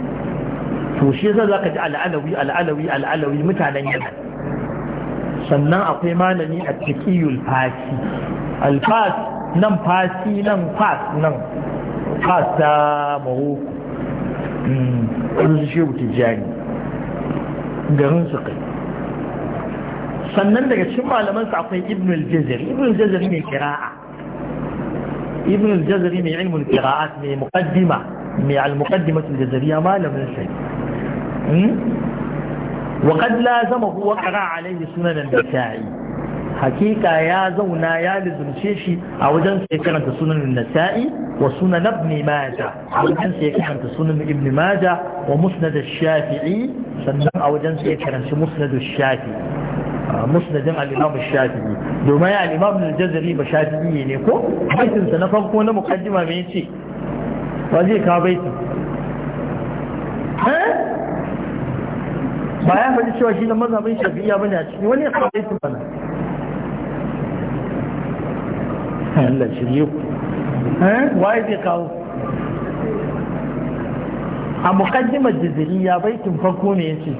to shi yasa zaka ji al'alawi al'alawi al'alawi mutanen yana sannan akwai malami a tikiyul fasi alfas nan fasi nan fas nan fas ta maho hmm, wani su shehu tijjani garin su kai sannan daga cikin malaman su akwai ibn al-jazari ibn al-jazari mai kira'a ibn al-jazari mai ilmin kira'at mai muqaddima mai al-muqaddimatu al-jazariya malamin sai وقد لازمه وقرا عليه سنن النسائي حقيقة يا زونا يا لزم شيشي أوجن سيكرة سنن النسائي وسنن ابن ماجة أوجن سيكرة سنن ابن ماجة ومسند الشافعي سنن أوجن سيكرة مسند الشافعي مسند الإمام الشافعي دوما يا الإمام الجزري بشافعي نيكو حيث سنفهم كون مقدمة ميتي وزي كابيتي ها ba ya faɗi cewa shi da mazhabin shafi'iyya bane a ciki wani ya kawai su bana Allah shirye ku waye zai kawo a mukaddimar jiziriya baitin farko ne yace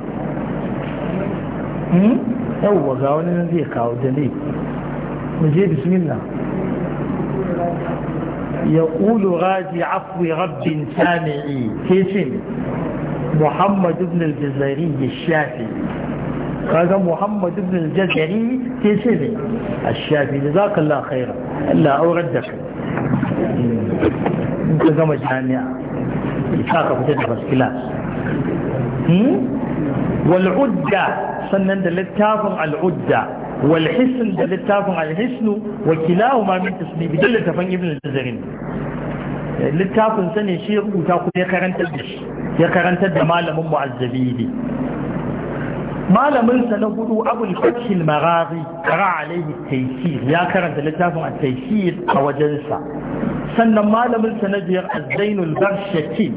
yawwa ga wani nan zai kawo da ne mu je bismillah يقول راجي عفو رب سامعي كيف محمد بن الجزري الشافعي هذا محمد بن الجزري كيسيني الشافعي جزاك الله خيرا الا اوردك انت زمج جامعة يساق فتح كلاس والعدة سنن للتافع العدة والحسن للتافع الحسن وكلاهما من تسبيب دلة فن ابن الجزري littafin sani shi rubuta kuma ya karanta da ya karantar da malamin mu'azzabili malamin sa na hudu abul fakhil maghazi maraghi qara alayhi taysir ya karanta littafin at-taysir a wajen sa sannan malamin sa na biyar az zainul barshati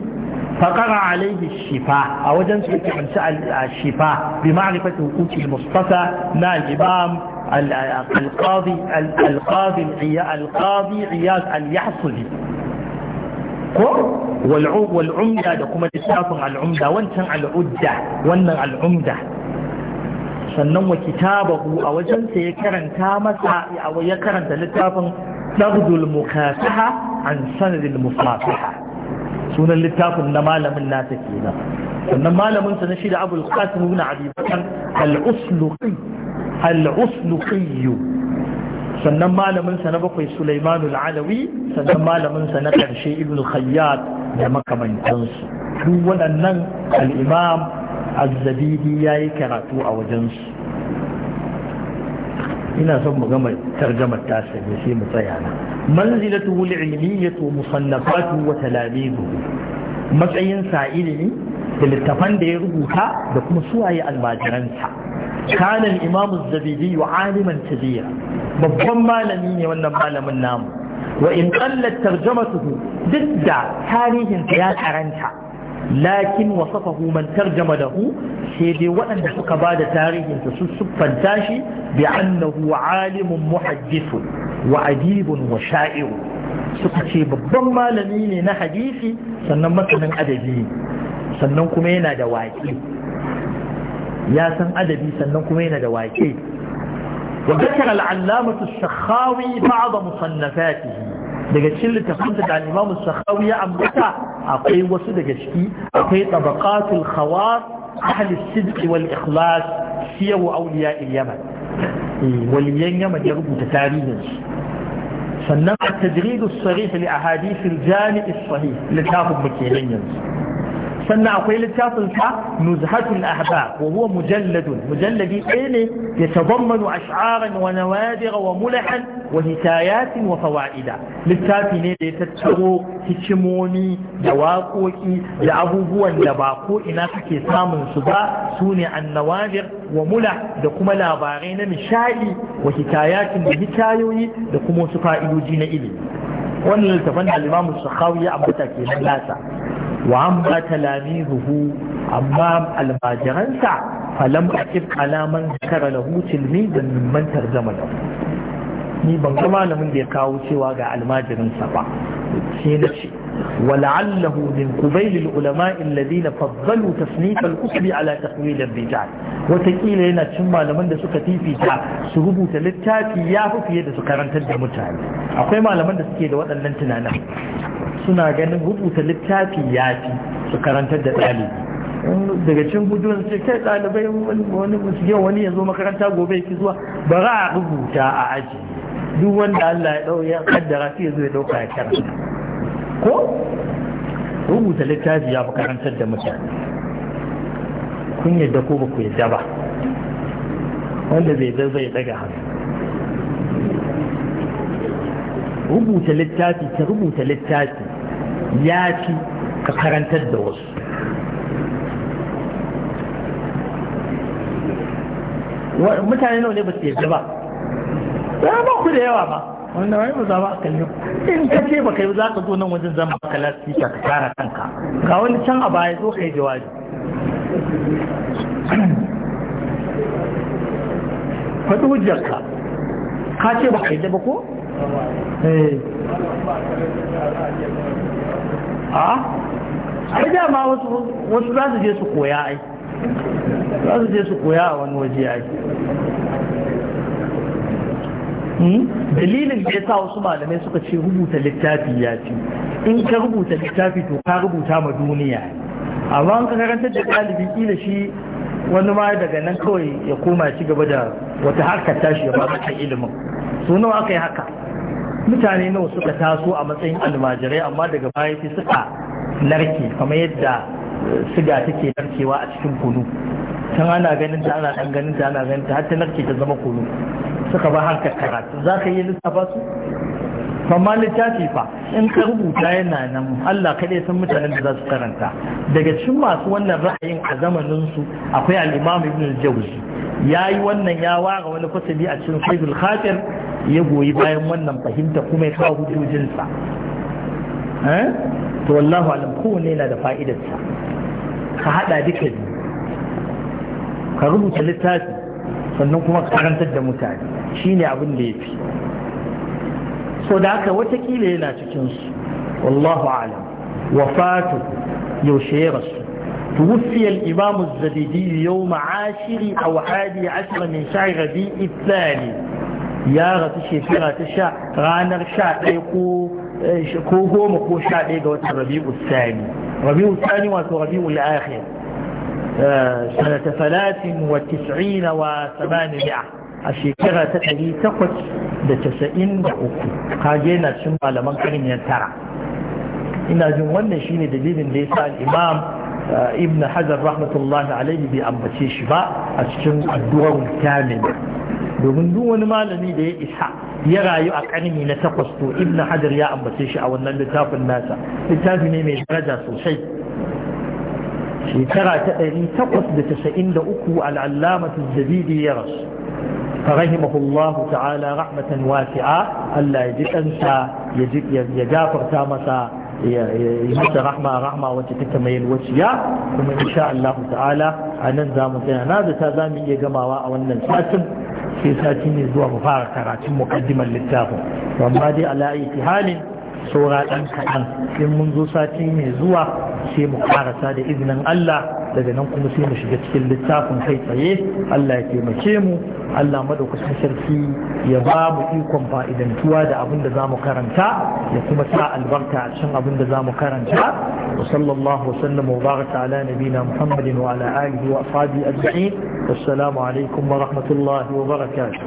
fa qara alayhi shifa a wajen sa yake kansa al-shifa bi ma'rifati hukuki al-mustafa na al-imam القاضي القاضي القاضي al-yahsudi ko wal'umda da kuma littafin al'umda wancan al'udda wannan al'umda sannan wa kitabahu a wajensa ya karanta masa ya karanta littafin dardul mukasaha an sanadil mufasaha sunan littafin na malamin nasa kenan sannan malamin sa na shida abul qasim ibn abi bakr al-usluqi al-usluqi sannan malaminsa na bakwai Sulaimanul Alawi sannan malaminsa na ƙarshe Ibn Khayyat da makamantansu duk waɗannan al azzabidi ya yi yayi karatu a wajensu ina son mu gama tarjamar tasa ne sai mu tsaya na manzilatuhu al-ilmiyyah wa wa talamizuhu matsayin sa ilimi da littafan da ya rubuta da kuma suwaye almajiransa kanan imamu zabidi wa aliman kabira babban malami ne wannan malamin namu wa in qallat tarjamatuhu duk da tarihinsa ya karanta lakin wasafahu man tarjama hu sai dai waɗanda suka ba da tarihinsa su siffanta shi bi annahu alimun muhajjisu wa adibun wa sha'iru suka ce babban malami ne na hadisi sannan masanin adabi ne sannan kuma yana da waƙe ya san adabi sannan kuma yana da waƙe وذكر العلامة السخاوي بعض musannafatihi daga cikin littafin da al-Imam Sakhawi ya ambata akwai wasu daga ciki akwai tabaqatul khawas ahli as sidq wal ikhlas siyaw awliya al-Yaman waliyan Yaman ya rubuta tarihin su sannan at-tajrid as-sarih li ahadith al-jami' as-sahih littafin mukenan yanzu sannan akwai littafin sa nuzhatul ahbab wa huwa mujalladun mujalladi ɗaya ne ya tabammanu ash'aran wa nawadir wa mulahan wa hikayatin wa fawaida littafi ne da ya tattaro hikimomi da waƙoƙi da abubuwan da ba ko ina kake samun su ba sune annawadir wa mula da kuma labarai na nishadi wa hikayatin da hikayoyi da kuma wasu fa'idoji na ilimi wannan littafin da al-Imam Sakhawi ya ambata kenan nasa wa amma ruhu, amma almajiransa falam akif alaman zakara lahu tilmizan mimman tarjama lahu ni ban ga malamin da ya kawo cewa ga almajirinsa ba sai na ce ولعله من قبيل العلماء الذين فضلوا تصنيف الكتب على تقويل الرجال وتقيل هنا تشمع لمن دا سكتي في جاء سهبو تلتاتي ياهو في يد سكران تلد متعال أقوي ما لمن دا سكيد وأن لن تنانا سنا جانا هبو تلتاتي ياتي سكران تلد تالي daga cin gudun sai kai ɗalibai wani musulun wani ya zo makaranta gobe ki zuwa ba za a rubuta a aji duk wanda Allah ya ɗau ya kaddara sai ya zo ya ɗauka ya karanta ko rubuta littafi ya fi karantar da mutane kun yadda ko ba ku yadda ba wanda bai zai zai daga hannu rubuta littafi ta rubuta littafi ya fi ka karantar da wasu mutane nawa ne ba su yadda ba ba ku da yawa ba wannan wai ba za ba a kalli in ka ce ba kai za ka zo nan wajen zama ka lasika ka tara kanka ga wani can a baya zo kai jawabi faɗi hujjarka ka ce ba ka yi ba ko? Eh. a ai dama wasu za su je su koya ai za su je su koya a wani waje ai Hmm? dalilin da ya sa wasu malamai suka ce rubuta littafi ya ce in ka rubuta littafi to ka rubuta ma duniya amma an ka karanta da ɗalibi kila shi wani ma daga nan kawai ya koma ci gaba da wata harkar tashi ya ba ta ilimin su nawa aka yi haka mutane nawa suka taso a matsayin almajirai amma daga baya sai suka narke kamar yadda eh, siga take narkewa a cikin kunu tun ana ganin ta ana ganin ta ana ganin ta har ta narke ta zama kunu suka ba harkar karatu za ka yi lissafa su Mamma littafi fa in ka rubuta yana nan Allah kada san mutanen da za su karanta daga cikin masu wannan ra'ayin a zamanin su akwai al Ibn al ya yi wannan ya ware wani fasali a cikin Sayyidul Khatir ya goyi bayan wannan fahimta kuma ya kawo hujjojinsa. Eh? to wallahu alam kowanne yana da fa'idarsa ka haɗa duka ka rubuta littafi sannan kuma karantar da mutane shi ne abin da ya fi so da haka watakila yana cikinsu wallahu alam wafatu yaushe ya rasu توفي الإمام الزبيدي يوم عاشر أو حادي عشر من شهر ربيع الثاني يا رتشي فرة شاء رانر شاء يقو كوهو مقو شاء إيجا ربيع الثاني ربيع الثاني واتو ربيع الآخر سنة ثلاث وتسعين وثمانمائة a shekara ta ɗari takwas da casa'in da uku kage yana cin malaman karniyar tara ina jin wannan shine dalilin da ya sa imam ibn hajar rahmatullahi alaihi bai ambace shi ba a cikin addu'ar kamin domin duk wani malami da ya isa ya rayu a karni na takwas to ibn hajar ya ambace shi a wannan littafin nasa littafi ne mai daraja sosai shekara ta ɗari takwas da tasa'in da uku al'allamatu zabidi ya rasu rahimahullahu ta'ala rahmatan wasi'a Allah ya ji kansa ya gafarta masa ya yi masa rahma rahma wacce take mai yalwaciya kuma insha allahu ta'ala a nan za mu tsaya na zata za mu iya gamawa a wannan satin sai sati ne zuwa mu fara karatun muqaddimar littafin amma dai ala ayi halin saura ɗan kaɗan in mun zo sati mai zuwa sai mu karasa da izinin Allah daga nan kuma sai mu shiga cikin littafin kai tsaye Allah ya taimake mu Allah madaukakin sarki ya ba mu ikon fa'idantuwa da abin da zamu karanta ya kuma sa albarka a cikin abin da zamu karanta wa sallallahu wasallam wa baraka ala nabina Muhammadin wa ala alihi wa ashabihi ajma'in wassalamu alaikum wa rahmatullahi wa barakatuh